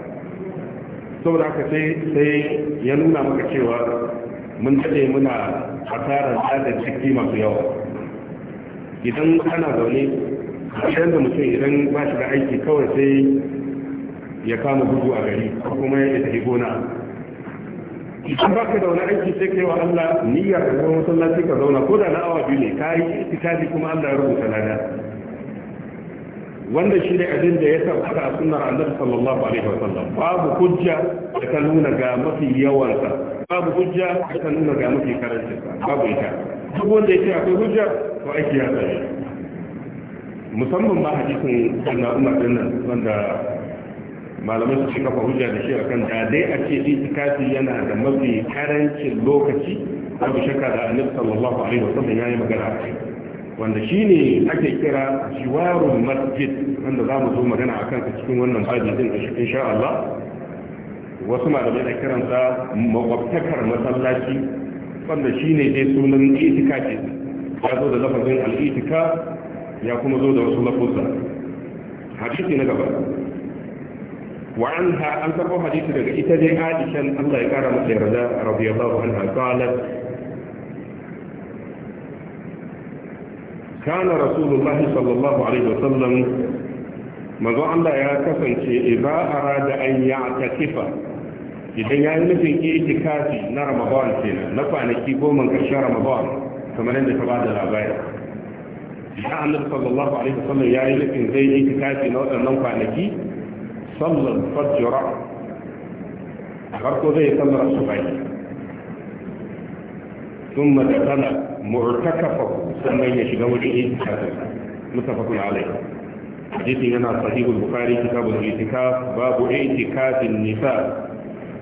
saboda haka sai sai ya nuna maka cewa mun dade muna hasarar tsadar ciki masu yawa idan ana zaune a da mutum idan ba shi da aiki kawai sai ya kama gudu a gari kuma ya tafi gona idan ba ka da wani aiki sai kai wa Allah niyyar ka zama masallaci ka zauna ko da na awa biyu ne kai yi itikafi kuma Allah ya rubuta lada wanda shi ne abin da ya tabbata a sunnar annabi sallallahu alaihi wa sallam babu hujja da ta nuna ga mafi yawansa babu hujja da ta nuna ga mafi karancin babu ita duk wanda yake akwai hujja to aiki ya tsare musamman ma hadisin sunna umar din nan wanda malamai su kafa hujja da shi akan da dai a ce itikafi yana da mafi karancin lokaci babu shakka da annabi sallallahu alaihi wa sallam yi magana a wanda shi ne ake kira jiwarul masjid wanda za mu zo magana a kansa cikin wannan babi din insha Allah wasu malamai da kiransa makwabtakar masallaci wanda shi ne dai sunan ce, ya zo da lafazin al'itika ya kuma zo da wasu lafuzza hadisi na gaba an وعنها أن تقوم حديث لك إتدي ya الله يقرأ مسيرة رضي الله عنها قالت kana rasulullahi sallallahu alaihi wasallam manzon Allah ya kasance idza arada an ya'takifa idan ya yi nufin itikafi na Ramadan kenan na kwanaki goma karshen Ramadan kamar yadda ta bada labari ya annabi sallallahu alaihi wasallam ya yi nufin zai itikafi na waɗannan kwanaki sallar fajr a farko zai sallar asubai ثم اقتنع مرتكفه ثم يجب وجهه إيه؟ حسن متفق عليه حديث هنا صحيح البخاري كتاب الاعتكاف باب اعتكاف النساء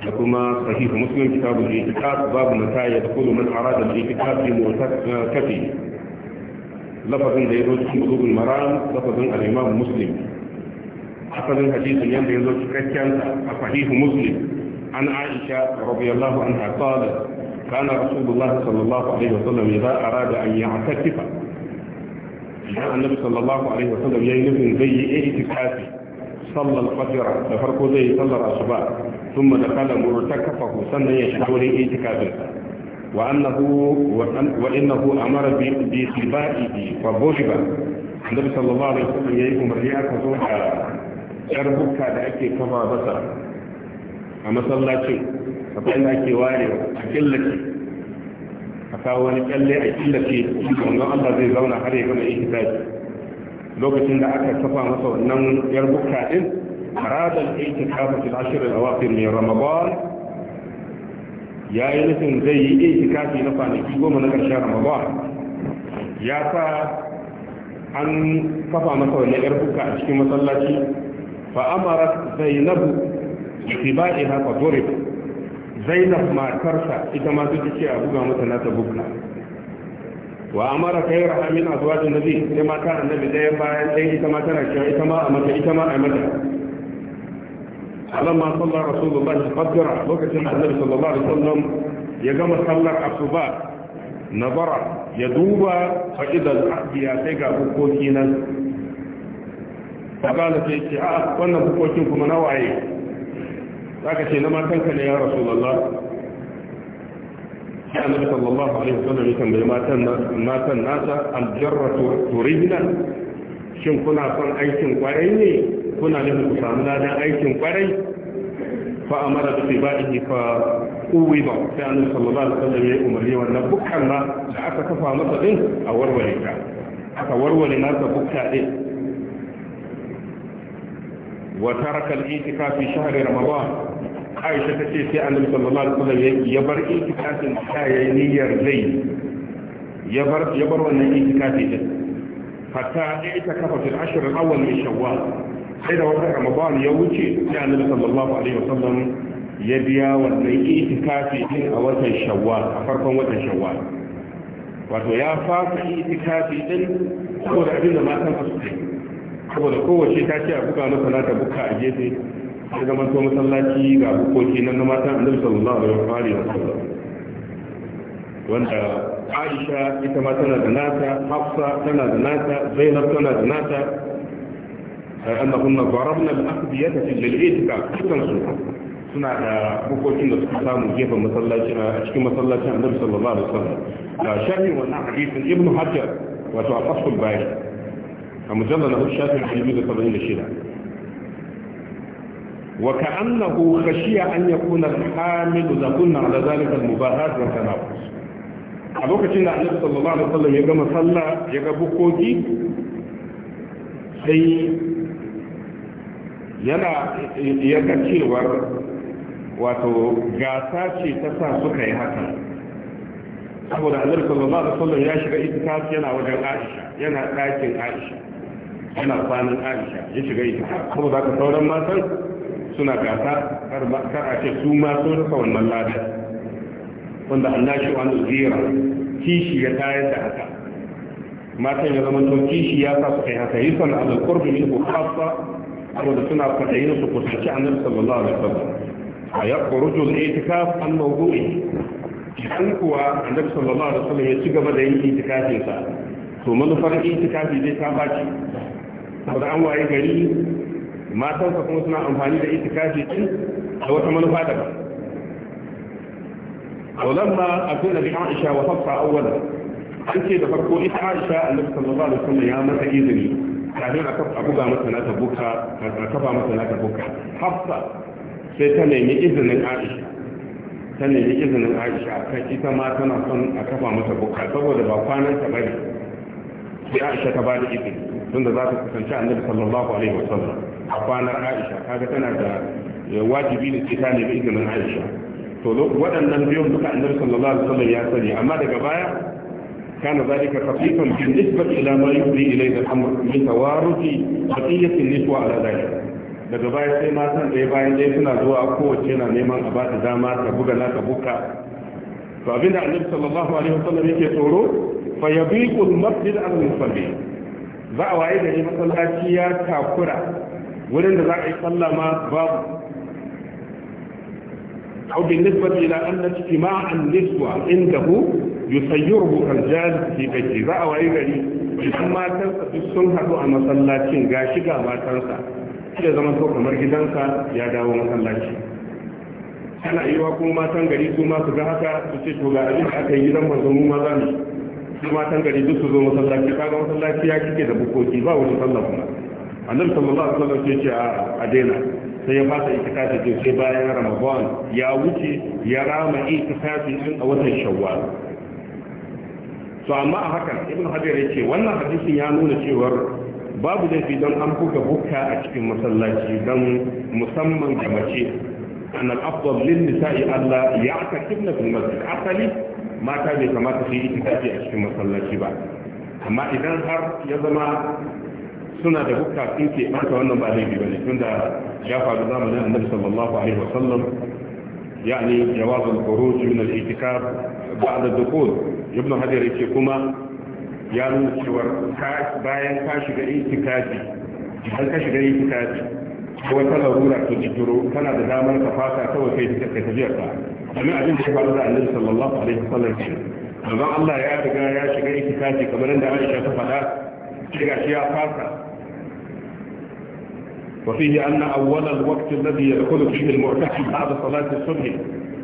وكما صحيح مسلم كتاب الاعتكاف باب متى يدخل من اراد الاعتكاف بمرتكفه لفظ يروج في قلوب المرام لفظ الامام مسلم حسن الحديث ينبغي يروج كريستيان صحيح مسلم عن عائشه رضي الله عنها قالت كان رسول الله صلى الله عليه وسلم إذا أراد أن يعتكف إذا النبي صلى الله عليه وسلم ينف زي اعتكافي صلى الفجر تفرق زي صلى الصباح ثم دخل مرتكفه سنة يشعر اعتكافه وأنه وإنه أمر بسبائه فضرب النبي صلى الله عليه وسلم يقوم رياك زوجها شربك da ake kafa masa a masallacin abin da ake ware a killace a kawo wani kyalle a killace wannan Allah zai zauna har ya gama ihi zaki lokacin da aka kafa masa wannan yar bukka din aradal itikafa fil ashr al awakhir min ramadan yayi nufin zai yi itikafi na kwanaki goma na karshen ramadan ya sa an kafa masa wannan yar bukka a cikin masallaci fa amara zainabu bi tibaiha fa duriba zainab matarsa ita ma duk ce a buga mata nata bukla wa amara kai rahamin azwajin nabi sai mata annabi daya bayan ɗaya ita ma tana cewa ita ma a mata ita ma a mata alamma sallar rasulullahi fadira lokacin annabi sallallahu alaihi wasallam ya gama sallar asuba nazara ya duba fa idan ahdiya sai ga hukoki nan ta ce a wannan hukokin kuma na waye za ka ce na matanka ne ya rasulallah sai annabi sallallahu alaihi wasallam ya tambayi matan matan nasa aljarratu turidna shin kuna son aikin kwarai ne kuna nufin ku samu ladan aikin kwarai fa amara bi ibadihi fa uwi ba sai annabi sallallahu alaihi wasallam ya umarni wannan bukkan ma da aka kafa masa din a warware ta aka warware nasa bukka din wa taraka al-i'tikaf fi shahr ramadan aisha tace sai annabi sallallahu alaihi wasallam ya bar i'tikafin da yayi niyyar zai ya bar ya bar wannan i'tikafi din hatta i'tikafa fil ashr al-awwal min shawwal sai da wata ramadan ya wuce sai annabi sallallahu alaihi wasallam ya biya wannan itikafi din a watan shawwal a farkon watan shawwal wato ya fasa itikafi din saboda abin da matan su saboda kowace ta ce a buga na salata buka a gefe sai zama to masallaci ga bukoki nan na matan annabi sallallahu alaihi wa sallam wanda Aisha ita ma tana da nata Hafsa tana da nata Zainab tana da nata annahunna darabna al-aqdiyata lil itikaf dukkan su suna da bukokin da suka samu gefen masallaci a cikin masallacin annabi sallallahu alaihi wasallam da sharhi wannan hadisin ibnu hajjar wato a fasul bayan a mujallar na shafin biyu da saba'in da shida wa ka'annahu khashiya an yakuna al-hamidu zakunna ala zalika al-mubahat wa tanawus a lokacin da annabi sallallahu alaihi wasallam ya gama sallah ya ga bukoki sai yana ya ga cewar wato gasa ce ta sa suka yi haka saboda annabi sallallahu alaihi wasallam ya shiga itikafi yana wajen Aisha yana ɗakin Aisha yana kwanan aisha ya shiga ita kuma za ka sauran matan suna gasa kar a ce su masu rufa wannan lada wanda Allah shi wani zira kishi ya tayar da haka matan ya zama to kishi ya sa su kai haka yi sana ala qurbi min kuma da suna fadayin su a nan sallallahu alaihi wasallam a yakhruju al-i'tikaf an mawdu'i idan kuwa annabi sallallahu alaihi wasallam ya ci gaba da yin itikafin sa to manufar itikafi zai ta baki kuma da an waye gari ka kuma suna amfani da ita kashi a wata manufa da ka. a kuna bi aisha wa fafa awwala an ce da farko ita aisha a lokacin sallallahu alaihi wasallam ya mata izini ta kafin a kafa buga mata na ta buka a kafa mata na ta buka hafsa sai ta nemi izinin aisha ta nemi izinin aisha kai ita ma tana son a kafa mata buka saboda ba kwanan ta bari sai Aisha ta bada izini tunda za ta kusanci Annabi sallallahu alaihi wasallam a kwanar Aisha kaga tana da wajibi ne ce ta nemi izinin Aisha to waɗannan biyun duka Annabi sallallahu alaihi wasallam ya sani amma daga baya كان ذلك خفيفا بالنسبة إلى ما يفضي إليه الأمر من توارث بقية النسوة على ذلك daga baya sai matan ɗaya bayan ɗaya suna zuwa kowace na neman a ba ta dama ta buga na ta buka to abin da annabi sallallahu alaihi wasallam yake tsoro fa masjid al-musalli za a waye ni masallaci ya takura wurin da za a yi sallah ma babu أو بالنسبة إلى أن اجتماع النسوة عنده يسيره الرجال في بيته ذا أو أي غري ما تنسى في السنة عن مسلاتين غاشقة ما تنسى إذا زمن فوق مرجدانسا يا داو مسلاتين ana iya kuma matan gari su ma su ga haka su ce to ga abin da aka yi gidan manzo mu ma za mu sai matan gari duk su zo masallaci kaga masallaci ya kike da bukoki ba wani sallah kuma annabi sallallahu alaihi wasallam ya ce a adena sai ya fasa itikafi din sai bayan ramadan ya wuce ya rama itikafi din a watan shawwal to amma a hakan ibn hajar ya ce wannan hadisin ya nuna cewar babu laifi don an buga bukka a cikin masallaci don musamman ga mace an al-afdal lin nisa'i alla ya'takibna fil masjid asali mata bai kamata su yi itikafi a cikin masallaci ba amma idan har ya zama suna da hukka sun ke ɓata wannan ba laifi ba ne da ya faru zamanin annabi sallallahu alaihi wa sallam yani jawaz al-khuruj min al-i'tikaf ba'da dukhul ibn hajar yake kuma ya nuna cewa bayan ka shiga itikafi idan ka shiga itikafi ko wata larura ta jijiro kana da damar ka fata kawai kai ka tafiyar ka domin abin da ya faru da annabi sallallahu alaihi wasallam shi manzon Allah ya riga ya shiga itikafi kamar yadda Aisha ta faɗa sai gashi ya fasa وفيه أن أول الوقت الذي يدخل فيه المعتكف بعد صلاة الصبح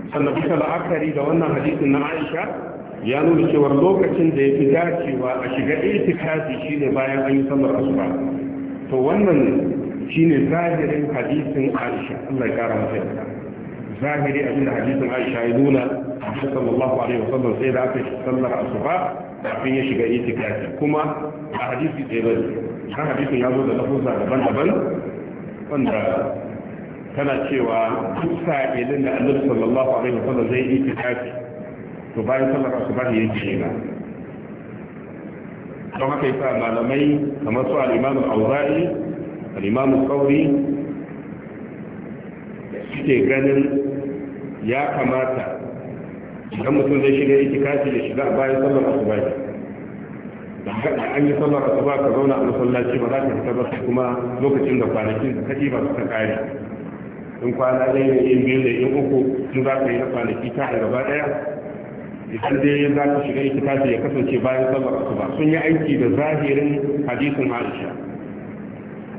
sannan bisa la'akari da wannan hadisin na aisha ya nuna cewar lokacin da ya fi dacewa a shiga itikafi shine bayan an yi sallar asuba to wannan shine zahirin hadisin Aisha Allah ya kara mata yarda zahiri a da hadisin Aisha ya nuna sallallahu alaihi wasallam sai da aka sallar asuba kafin ya shiga itikafi kuma a hadisi ɗaya ba kan hadisin ya zo da lafuzza daban-daban wanda tana cewa duk sa'ilin da annabi sallallahu alaihi wasallam zai itikafi to bayan sallar asuba ne yi yana don haka yasa malamai kamar su al-imam al-awza'i al'imamu kauri suke ganin ya kamata idan mutum zai shiga kashi ya shiga bayan sallar asuba ne da haka an yi sallar asuba ka zauna a masallaci ba za ka fita ba kuma lokacin da kwanakin da kaji ba su ta kare in kwana ɗaya ne in biyu ne in uku in za ka yi na kwanaki ta a gaba ɗaya idan dai za ka shiga kashi ya kasance bayan sallar asuba sun yi aiki da zahirin hadisin aisha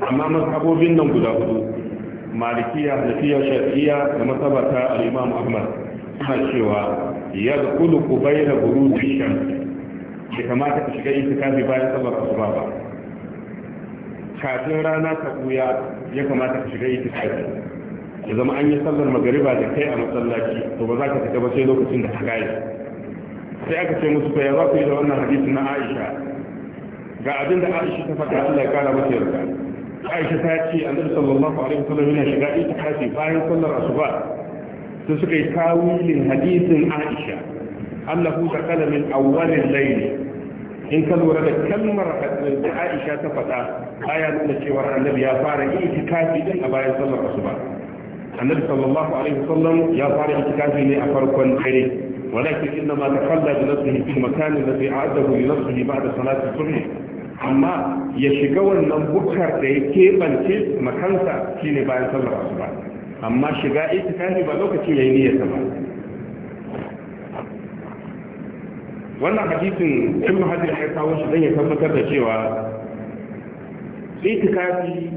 amma mazhabobin nan guda hudu malikiya fiya shafi'iyya da masabata al-imam ahmad suna cewa ya kulu kubaira buruji shan bai kamata ka shiga kafi bayan sabar asuba ba kafin rana ta buya ya kamata ka shiga kafi ya zama an yi sallar magariba da kai a masallaci to ba za ka fita ba sai lokacin da ta gaya sai aka ce musu ya za ku yi da wannan hadisi na Aisha ga abin da Aisha ta faɗa Allah ya kara masa yarda aisha ta ce annabi sallallahu alaihi wasallam yana shiga ita kafi bayan sallar asuba sai suka yi tawilin hadisin aisha annahu dakala min awwalil layl in ka lura da kalmar da aisha ta faɗa aya nuna cewa annabi ya fara itikafi din a bayan sallar asuba annabi sallallahu alaihi wasallam ya fara itikafi ne a farkon dare walakin inna ma takalla bi nafsihi fi makan alladhi a'adahu li nafsihi ba'da salati subh amma ya shiga wannan bukar da ya keɓance makansa shine bayan sallar asuba amma shiga itikafi ba lokacin yi niyyar ba wannan hadisin ibn hajar ya kawo shi zai tabbatar da cewa itikafi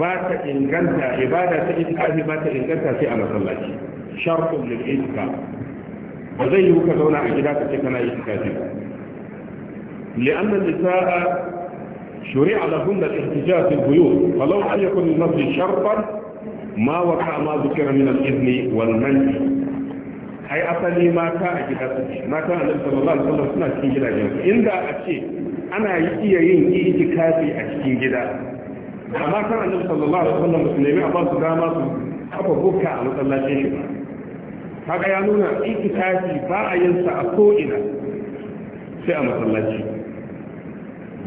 ba ta inganta ibada ta itikafi ba ta inganta sai a masallaci da lil itikaf ba zai yi ka zauna a gida ka ce kana itikafi ba li'anna nisaa شرع لهن الاحتجاج بالبيوت فلو أن يكن النفي شرطا ما وقع ما ذكر من الإذن والمنع ai asali mata a gida su mata a nan sallallahu alaihi wasallam suna cikin gidajen su inda a ce ana iya yin itikafi a cikin gida amma kan annabi sallallahu alaihi wasallam su nemi a ba dama su kafa bukka a masallacin shi haka ya nuna itikafi ba a yin sa a ko ina sai a masallaci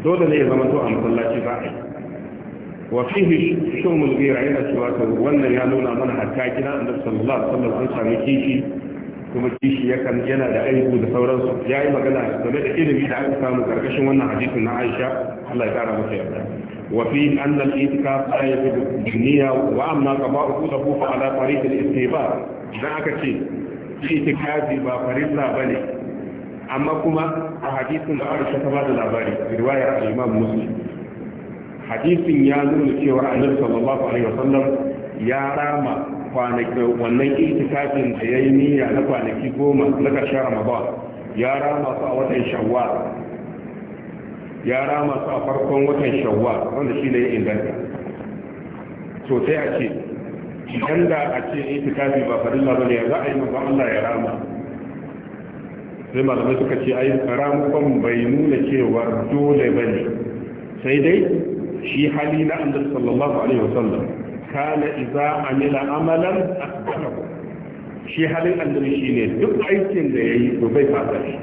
dole ne ya zama to a masallaci za a yi wa fihi shumul ghira yana cewa wannan ya nuna mana hatta gina annabi sallallahu alaihi wasallam an sami kishi kuma kishi yakan yana da aibu da sauransu ya yi magana game da ilimi da aka samu karkashin wannan hadisin na Aisha Allah ya kara mata yarda wa fi anna itikaf dunya wa amma qaba'u qutubu fa ala tariq al-istibar idan aka ce itikafi ba farilla bane amma kuma a hadisin da Aisha ta bada labari riwaya al-Imam Muslim hadisin ya nuna cewa Annabi sallallahu alaihi wasallam ya rama kwanaki wannan itikafin da yayi niyya na kwanaki goma na ƙarshen Ramadan ya rama su a watan Shawwal ya rama su a farkon watan Shawwal wanda shi ne ya inganta to sai a ce idan da a ce itikafi ba farilla bane ya za a yi manzo Allah ya rama sai malamai suka ce ai ramukan bai nuna cewa dole ba ne sai dai shi hali na annabi sallallahu alaihi wasallam kana idza amila amalan asbahu shi halin annabi shine duk aikin da yayi to bai fasa shi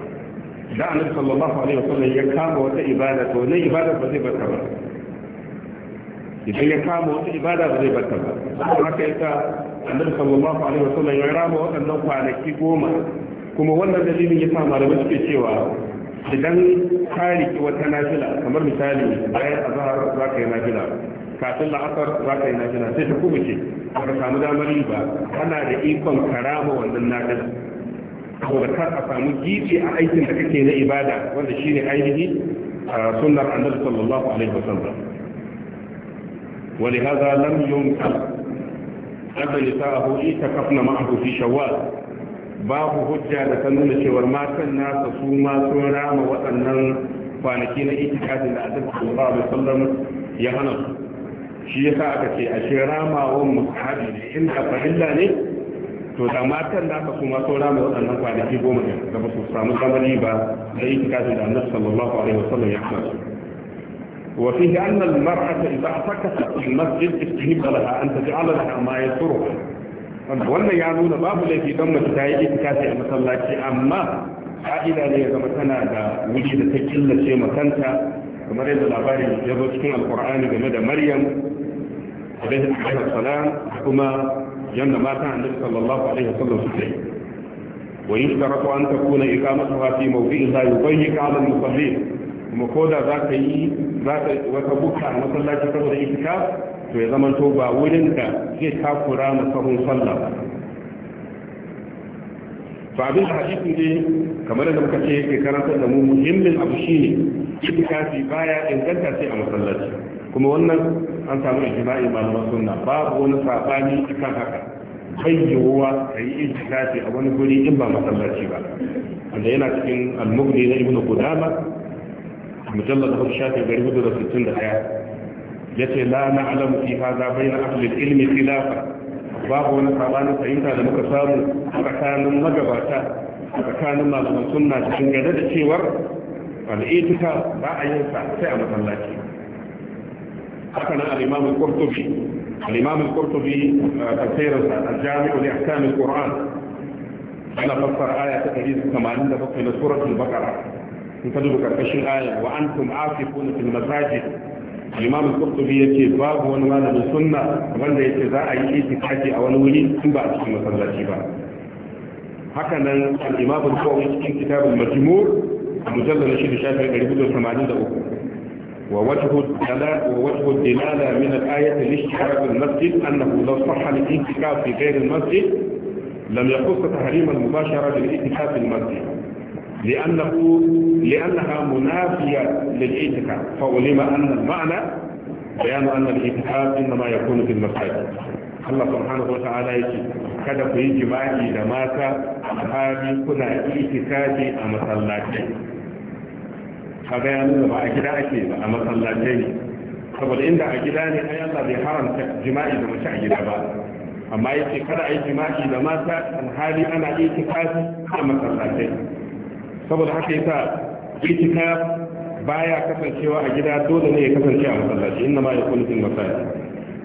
da annabi sallallahu alaihi wasallam ya kama wata ibada to ne ibada ba zai barka ba idan ya kama wata ibada ba zai barka ba haka yasa annabi sallallahu alaihi wasallam ya rama waɗannan kwanaki goma kuma wannan dalilin ya sa malamai suke cewa idan ka riƙi wata nafila kamar misali bayan azhar za ka yi nafila kafin la'asar za ka yi nafila sai ta kuma ce ka samu damar yi ba kana da ikon karama wannan nafila saboda kar a samu gici a aikin da kake na ibada wanda shine ainihi sunnar annabi sallallahu alaihi wasallam ولهذا لم ينكر أن نساءه إيه تكفن معه في شوال babu hujja da ta nuna cewar matan nasa su ma sun rama waɗannan kwanaki na itikadin da da sallallahu alaihi wasallam ya hana su shi ya sa aka ce a shi ramawan musahabi ne inda fahimta ne to da matan nasa su ma sun rama waɗannan kwanaki goma ne da ba su samu zamani ba da itikadin da annabi sallallahu alaihi wasallam ya hana su وفيه أن المرأة إذا اعتكفت في المسجد استهب لها أن تجعل لها ما يسرها wannan ya nuna babu laifi don mace ta yi itikafi a masallaci amma ka'ida ne ya zama tana da wuri da ta killace makanta kamar yadda labarin ya zo cikin alkur'ani game da maryam alaihi salam kuma yanda matan annabi sallallahu alaihi wasallam suke yi ويشترط أن تكون إقامتها في موضع لا يضيق على المصلين kuma ko da za ka yi za ka wata buka a masallaci saboda itikaf to ya zama to ba wurin da zai takura mu sahun sallah ba to abin da hadisi ne kamar da muka ce yake karantar da mu muhimmin abu shine itikafi baya inganta sai a masallaci kuma wannan an samu ijma'i malaman sunna babu wani sabani kan haka bayyowa kai itikafi a wani guri in ba masallaci ba wanda yana cikin al-mughni na ibnu qudama mujallad 14 da yace la na'lamu fi hadha bayna ahli al-ilmi khilafa babu wani sabanin fahimta da muka samu tsakanin magabata tsakanin malaman sunna cikin gada da cewar al'itika ba a yin sa sai a masallaci haka nan al-imam al-qurtubi al-imam al-qurtubi tafsirin sa al jami li ahkam al-qur'an ana fassara aya ta 187 na suratul baqara in ka duba karkashin aya wa antum afifuna fil masajid imam al-qurtubi yace babu wani malamin sunna wanda yace za a yi itikafi a wani wuri in ba a cikin masallaci ba haka nan al-imam al-qawi cikin kitab al-majmu' mujallal shi da shafin 483 wa wajhu dalala wa wajhu dalala min al-ayati li-ishtirak al-masjid annahu law sahha al-itikaf fi ghayr al-masjid lam yaquss tahrim al-mubashara bil-itikaf fi al-masjid لأنه لأنها منافية للاعتكاف فعلم أن المعنى بيان أن الاعتكاف إنما يكون في المساجد Allah subhanahu wa ta'ala yake kada ku yi jima'i da mata alhali kuna itikafi a masallatai kaga ya nuna ba a gida ba a masallatai ne saboda inda a gida ne ai Allah bai haramta jima'i da mace a gida ba amma yake kada a jima'i da mata alhali ana itikafi a masallatai saboda haka yasa itikaf baya kasancewa a gida dole ne ya kasance a masallaci inna ma yakunu fil masajid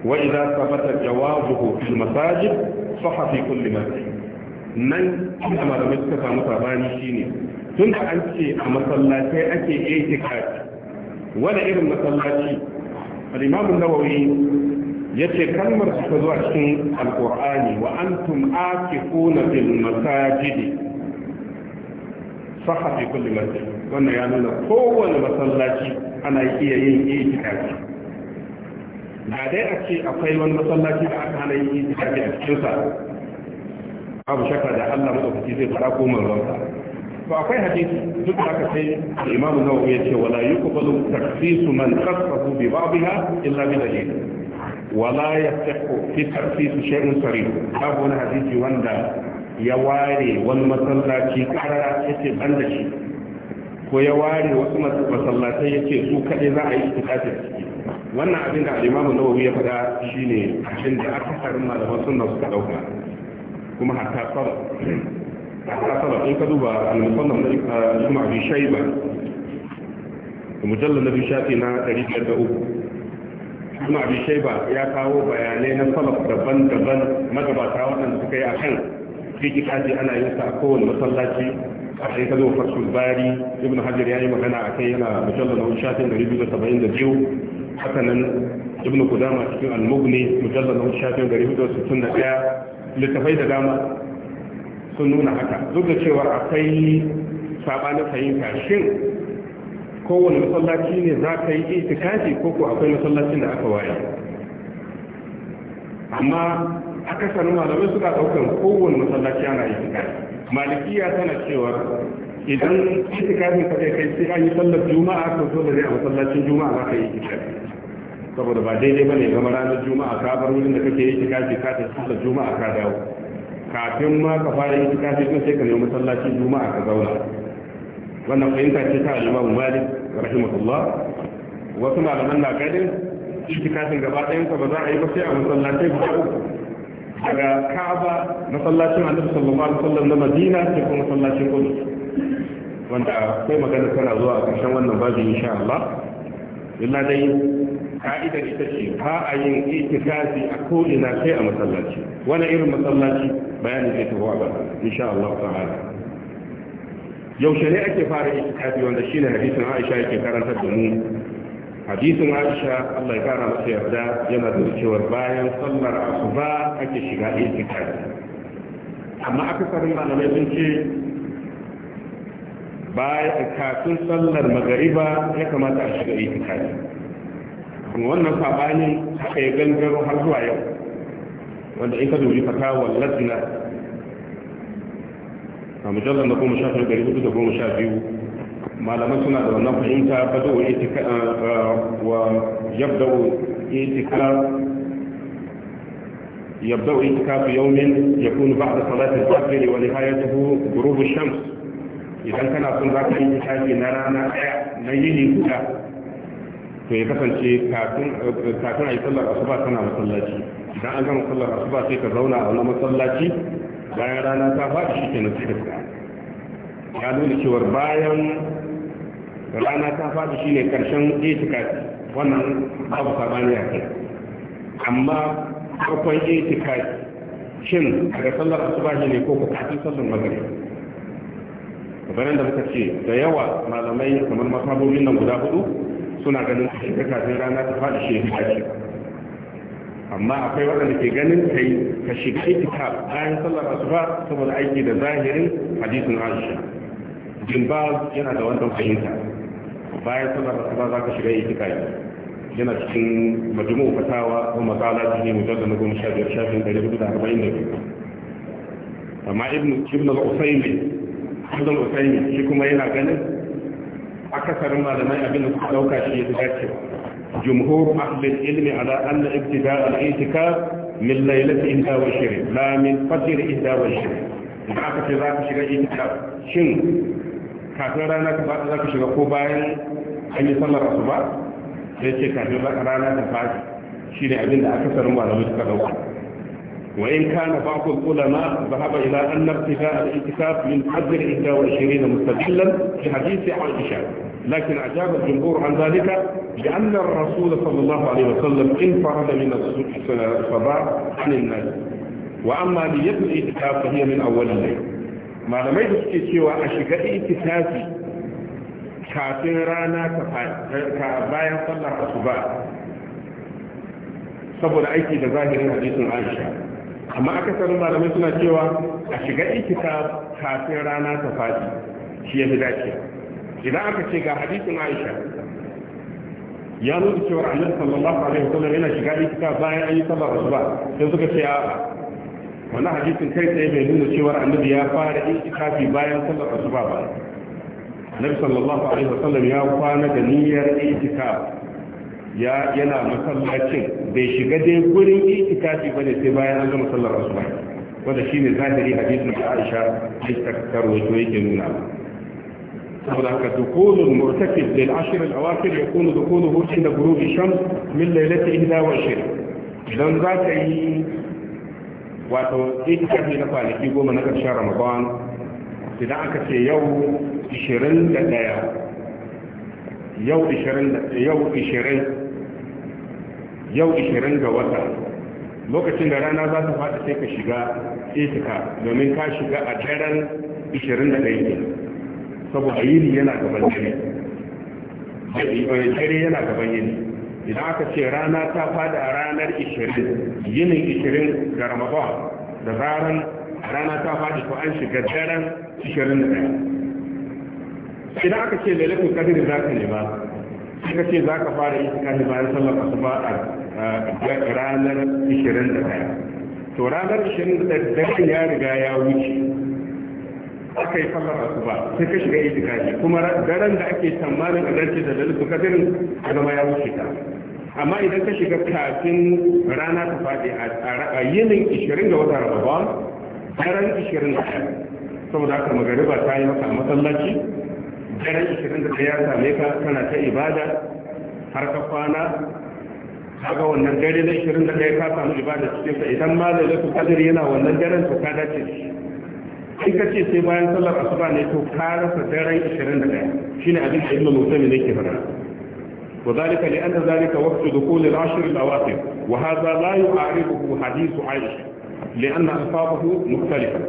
wa idza thabata jawazuhu fil masajid sahha fi kulli masjid nan inda malamai suka samu sabani shine tunda an ce a masallatai ake itikaf wani irin masallaci al-imam an-nawawi yace kalmar da ta zo a cikin al-qur'ani wa antum aqifuna fil masajid saha fi kulli masjid wannan ya nuna kowane masallaci ana iya yin itikafi da dai a ce akwai wani masallaci da aka hana yin itikafi a cikin sa abu shakka da Allah madaukaki zai fara ko manzonsa to akwai hadisi duk da haka sai al-Imam Nawawi ya ce wala yuqbalu takhsisu man khassahu bi ba'dha illa bi wala babu wani hadisi wanda ya ware wani masallaci karara ya ce ban da shi ko ya ware wasu masallatai ya ce su kaɗai za a yi su a ciki wannan abin da alimamu nawawi ya faɗa shine abin da akasarin malaman sunna suka ɗauka kuma hatta saba hatta saba in ka duba al-musannaf kuma ah, ibn abi shayba mujallar na bi shafi na kuma abin abi ba ya kawo bayanai na salaf daban-daban magabata waɗanda suka yi a kan. itikafi ana yin sa a kowane masallaci a sai ka zo farsul bari ibn hajar yayi magana kai yana mujallal na shafin 272 haka nan ibn qudama cikin al-mughni mujallal na shafin 461 littafai da dama sun nuna haka duk da cewa akwai sabanin fahimta shin kowane masallaci ne za ka yi itikafi ko ko akwai masallacin da aka waye amma akasarin malamai suka daukan kowane masallaci ana yi malikiya tana cewa idan itikafin ka kai kai sai an yi sallar juma'a to so da zai a masallacin juma'a za ka yi itikafi saboda ba daidai bane zama ranar juma'a ka bar wurin da kake yi itikafi ka ta sallar juma'a ka dawo kafin ma ka fara yi itikafi kuma sai ka nemi masallacin juma'a ka zauna wannan fahimta ce ta al-Imam Malik rahimahullah wasu malaman na ganin itikafin gaba ɗayan ka ba za a yi ba sai a masallacin juma'a daga Ka'aba masallacin Annabi sallallahu alaihi wasallam na Madina da kuma masallacin Qudus wanda akwai magana tana zuwa a ƙarshen wannan babu insha Allah illa dai ka'idar ita ce ba a yin itikafi a ko ina sai a masallaci wani irin masallaci bayani zai tafi ba insha Allah ta'ala yaushe ne ake fara itikafi wanda shine hadisin Aisha yake karantar da mu hadisin aisha allah ya kara masa yarda yana da cewa bayan sallar asuba ake shiga itikafi amma aka akasarin malamai sun ce bayan kafin sallar magariba ya kamata a shiga itikafi wannan sabani haka ya gangaro har zuwa yau wanda in ka dubi fatawar latina a mujallar na goma sha biyu da goma sha biyu malaman suna da wannan fahimta eh, eh, bada wa itika wa yabda itika ba da يوم يكون بعد wani الفجر ونهايته غروب shams? idan kana son za ka yi tashi na rana daya na yini guda to ya kasance eh, kafin a yi sallar asuba kana masallaci idan an gama sallar asuba sai ka zauna a wani masallaci bayan rana ta faɗi shi ke na sai ya nuna cewar bayan rana ta faɗi shi ne ƙarshen itikafi wannan babu sabani a kai amma farkon itikafi shin ga sallar shi ne ko kafin sallar magari bayan da muka ce da yawa malamai kamar masabobin nan guda hudu suna ganin su shiga kafin rana ta faɗi shi ne amma akwai waɗanda ke ganin kai ka shiga itikaf bayan sallar asuba saboda aiki da zahirin hadisin aisha jimbal yana da wannan fahimta bayan sallar asuba za ka shiga itikafi yana cikin majmu fatawa ko makala cikin mujallal na goma sha biyar shafin ɗari hudu da arba'in da biyu amma ibn ibn al-usaymi ibn al-usaymi shi kuma yana ganin akasarin malamai abin da suka dauka shi ya dace jumhur ahli ilmi ala anna ibtida' al itika. min laylati inda wa shiri, la min fajr inda wa shirin idan aka ce za ka shiga itika. shin kafin rana ka za ka shiga ko bayan an yi sallar asuba sai ce kafin rana ta faɗi shi ne abin da aka sanin malamai suka dauka wa in kana ba'd ulama zahaba ila an irtifa al-iktisab min hadd al-21 mustaqillan fi hadith Aisha لكن أجاب الجمهور عن ذلك بأن الرسول صلى الله عليه وسلم انفرد من الصباح عن الناس وأما نية الاعتكاف فهي من أول الليل ما لم يدرك سوى أشكاء اعتكافي kafin rana ka bayan sallar asuba saboda aiki da zahirin hadisin aisha amma aka akasarin malamai suna cewa a shiga ikita kafin rana ta fadi shi ya fi dace idan aka ce ga hadisin aisha ya nuna cewa annabi sallallahu alaihi wasallam yana shiga ikita bayan an yi sallar asuba sai suka ce a'a wannan hadisin kai tsaye bai nuna cewa annabi ya fara ikitafi bayan sallar asuba ba nabi sallallahu alaihi wasallam ya kwana da niyyar itikaf ya yana masallacin bai shiga dai gurin itikafi bane sai bayan an gama sallar asuba wanda shine zahiri hadisin da Aisha ta karwato yake nuna saboda haka dukulul murtakib lil ashr al awakhir yakunu dukuluhu inda ghurub shams min laylati 21 idan za ka yi wato itikafi na kwanaki goma na karshen ramadan idan aka ce yau 21 yau 20 yau 20 yau 20 ga wata lokacin da rana za ta fada sai ka shiga itika domin ka shiga a daren 21 ne saboda yini yana gaban yini eh, dare yana gaban yini idan aka ce rana ta fada a ranar 20 yinin 20 ga ramadan da zaran rana ta faɗi to an shiga daren da 21 idan aka ce lailatul qadr za ka ba. sai ka ce za ka fara yi tsakani bayan sallar asuba a ranar 21 to ranar 21 daren ya riga ya wuce aka yi sallar asuba sai ka shiga itikafi kuma daren da ake tsammanin a dace da lailatul qadr zama ya wuce ta amma idan ka shiga kafin rana ta faɗi a yinin 20 ga watan Ramadan daren 20 saboda haka magariba ta yi maka a masallaci daren 21 ya same ka kana ta ibada har ka kwana haka wannan dare na 21 ka samu ibada cikin sa idan ma da zai kadir yana wannan daren to ka dace sai ka ce sai bayan sallar asuba ne to ka rasa daren 21 shine abin da ibnu musami ne ke fara وذلك لأن ذلك وقت دخول العشر الأواخر وهذا لا يعارضه حديث عائشة لأن ألفاظه مختلفة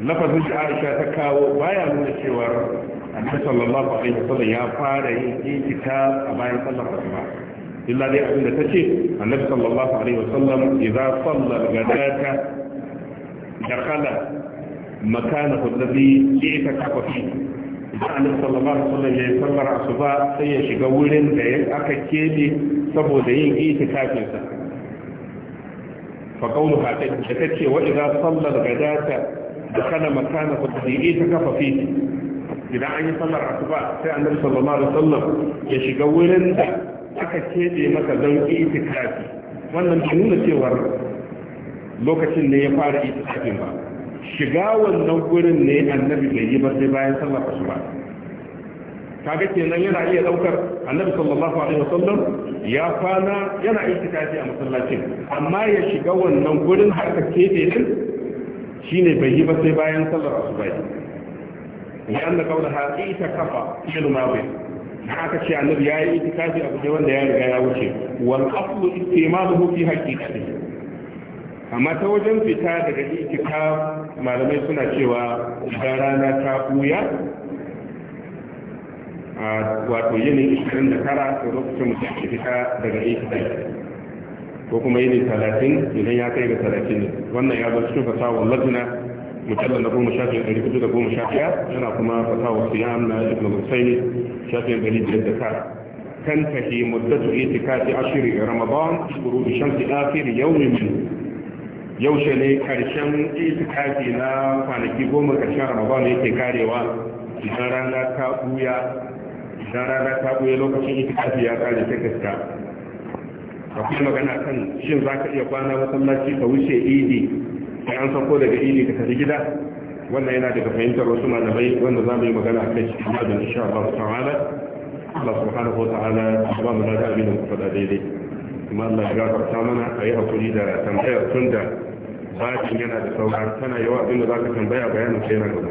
لفظ عائشة تكاو بايا من الشوار النبي صلى الله عليه وسلم يا فاري كتاب أبايا صلى الله عليه إلا دي أبنى تشي النبي صلى الله عليه وسلم إذا صلى الغداة دخل مكانه الذي اعتكف فيه idan annabi sallallahu alaihi wasallam ya sallar asuba sai ya shiga wurin da aka kebe saboda yin itikafin sa fa qawlu ha ta ce wa idza salla al-ghadata dakhala makana qadri'i ta kafa fi idan an yi sallar asuba sai annabi sallallahu alaihi wasallam ya shiga wurin da aka kebe maka don itikafi wannan bai nuna cewar lokacin ne ya fara itikafin ba shiga wannan wurin ne annabi bai yi ba sai bayan sallar asuba kaga kenan yana iya ɗaukar. annabi sallallahu alaihi wasallam ya kwana yana itikafi a masallacin amma ya shiga wannan gurin har ka kefe din shine bai yi ba sai bayan sallar asuba ya anna kaula ha ita kafa ilmu Na haka ce annabi ya yi itikafi a guje wanda ya riga ya wuce wal aslu istimaluhu fi haqiqati amma ta wajen fita daga itikaf malamai suna cewa idan rana ta buya A wato yinin 29 to lokacin mutum ya fita daga ihdai ko kuma yinin talatin idan ya kai ga talatin. ne wannan ya zo cikin fasahar lajina mujallar na goma shafin ɗari hudu da goma shafiya, yana kuma fata wa siyam na ibn al-husayn shafin ɗari biyar da tara kan tafi muddatu itikafi ashiri ramadan shuru bi shamsi akhir yawmin min yaushe ne karshen itikafi na kwanaki goma karshen ramadan yake karewa idan rana ta buya dan rana ta buye lokacin itikafi ya kare ta ka akwai magana kan shin za ka iya kwana masallaci ka wuce idi sai an sauko daga idi ka tafi gida wannan yana daga fahimtar wasu malamai wanda za mu yi magana a kai cikin yadda insha Allah ta'ala Allah subhanahu wa ta'ala ba mu da abin da ku faɗa daidai kuma Allah ya gafarta mana a yi hakuri da tambayar tun bakin yana da saura tana yawa abin da za ka tambaya bayanin sai na gaba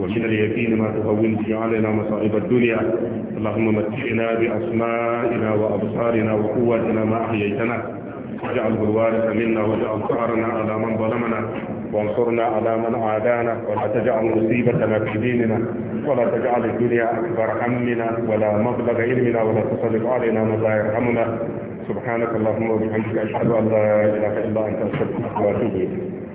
ومن اليقين ما تهون به علينا مصائب الدنيا اللهم متعنا بأسمائنا وأبصارنا وقواتنا ما أحييتنا واجعله الوارث منا واجعل ثأرنا على من ظلمنا وانصرنا على من عادانا ولا تجعل مصيبتنا في ديننا ولا تجعل الدنيا أكبر همنا ولا مبلغ علمنا ولا تسلط علينا من لا يرحمنا سبحانك اللهم وبحمدك أشهد أن لا إله إلا أنت أستغفرك وأتوب إليك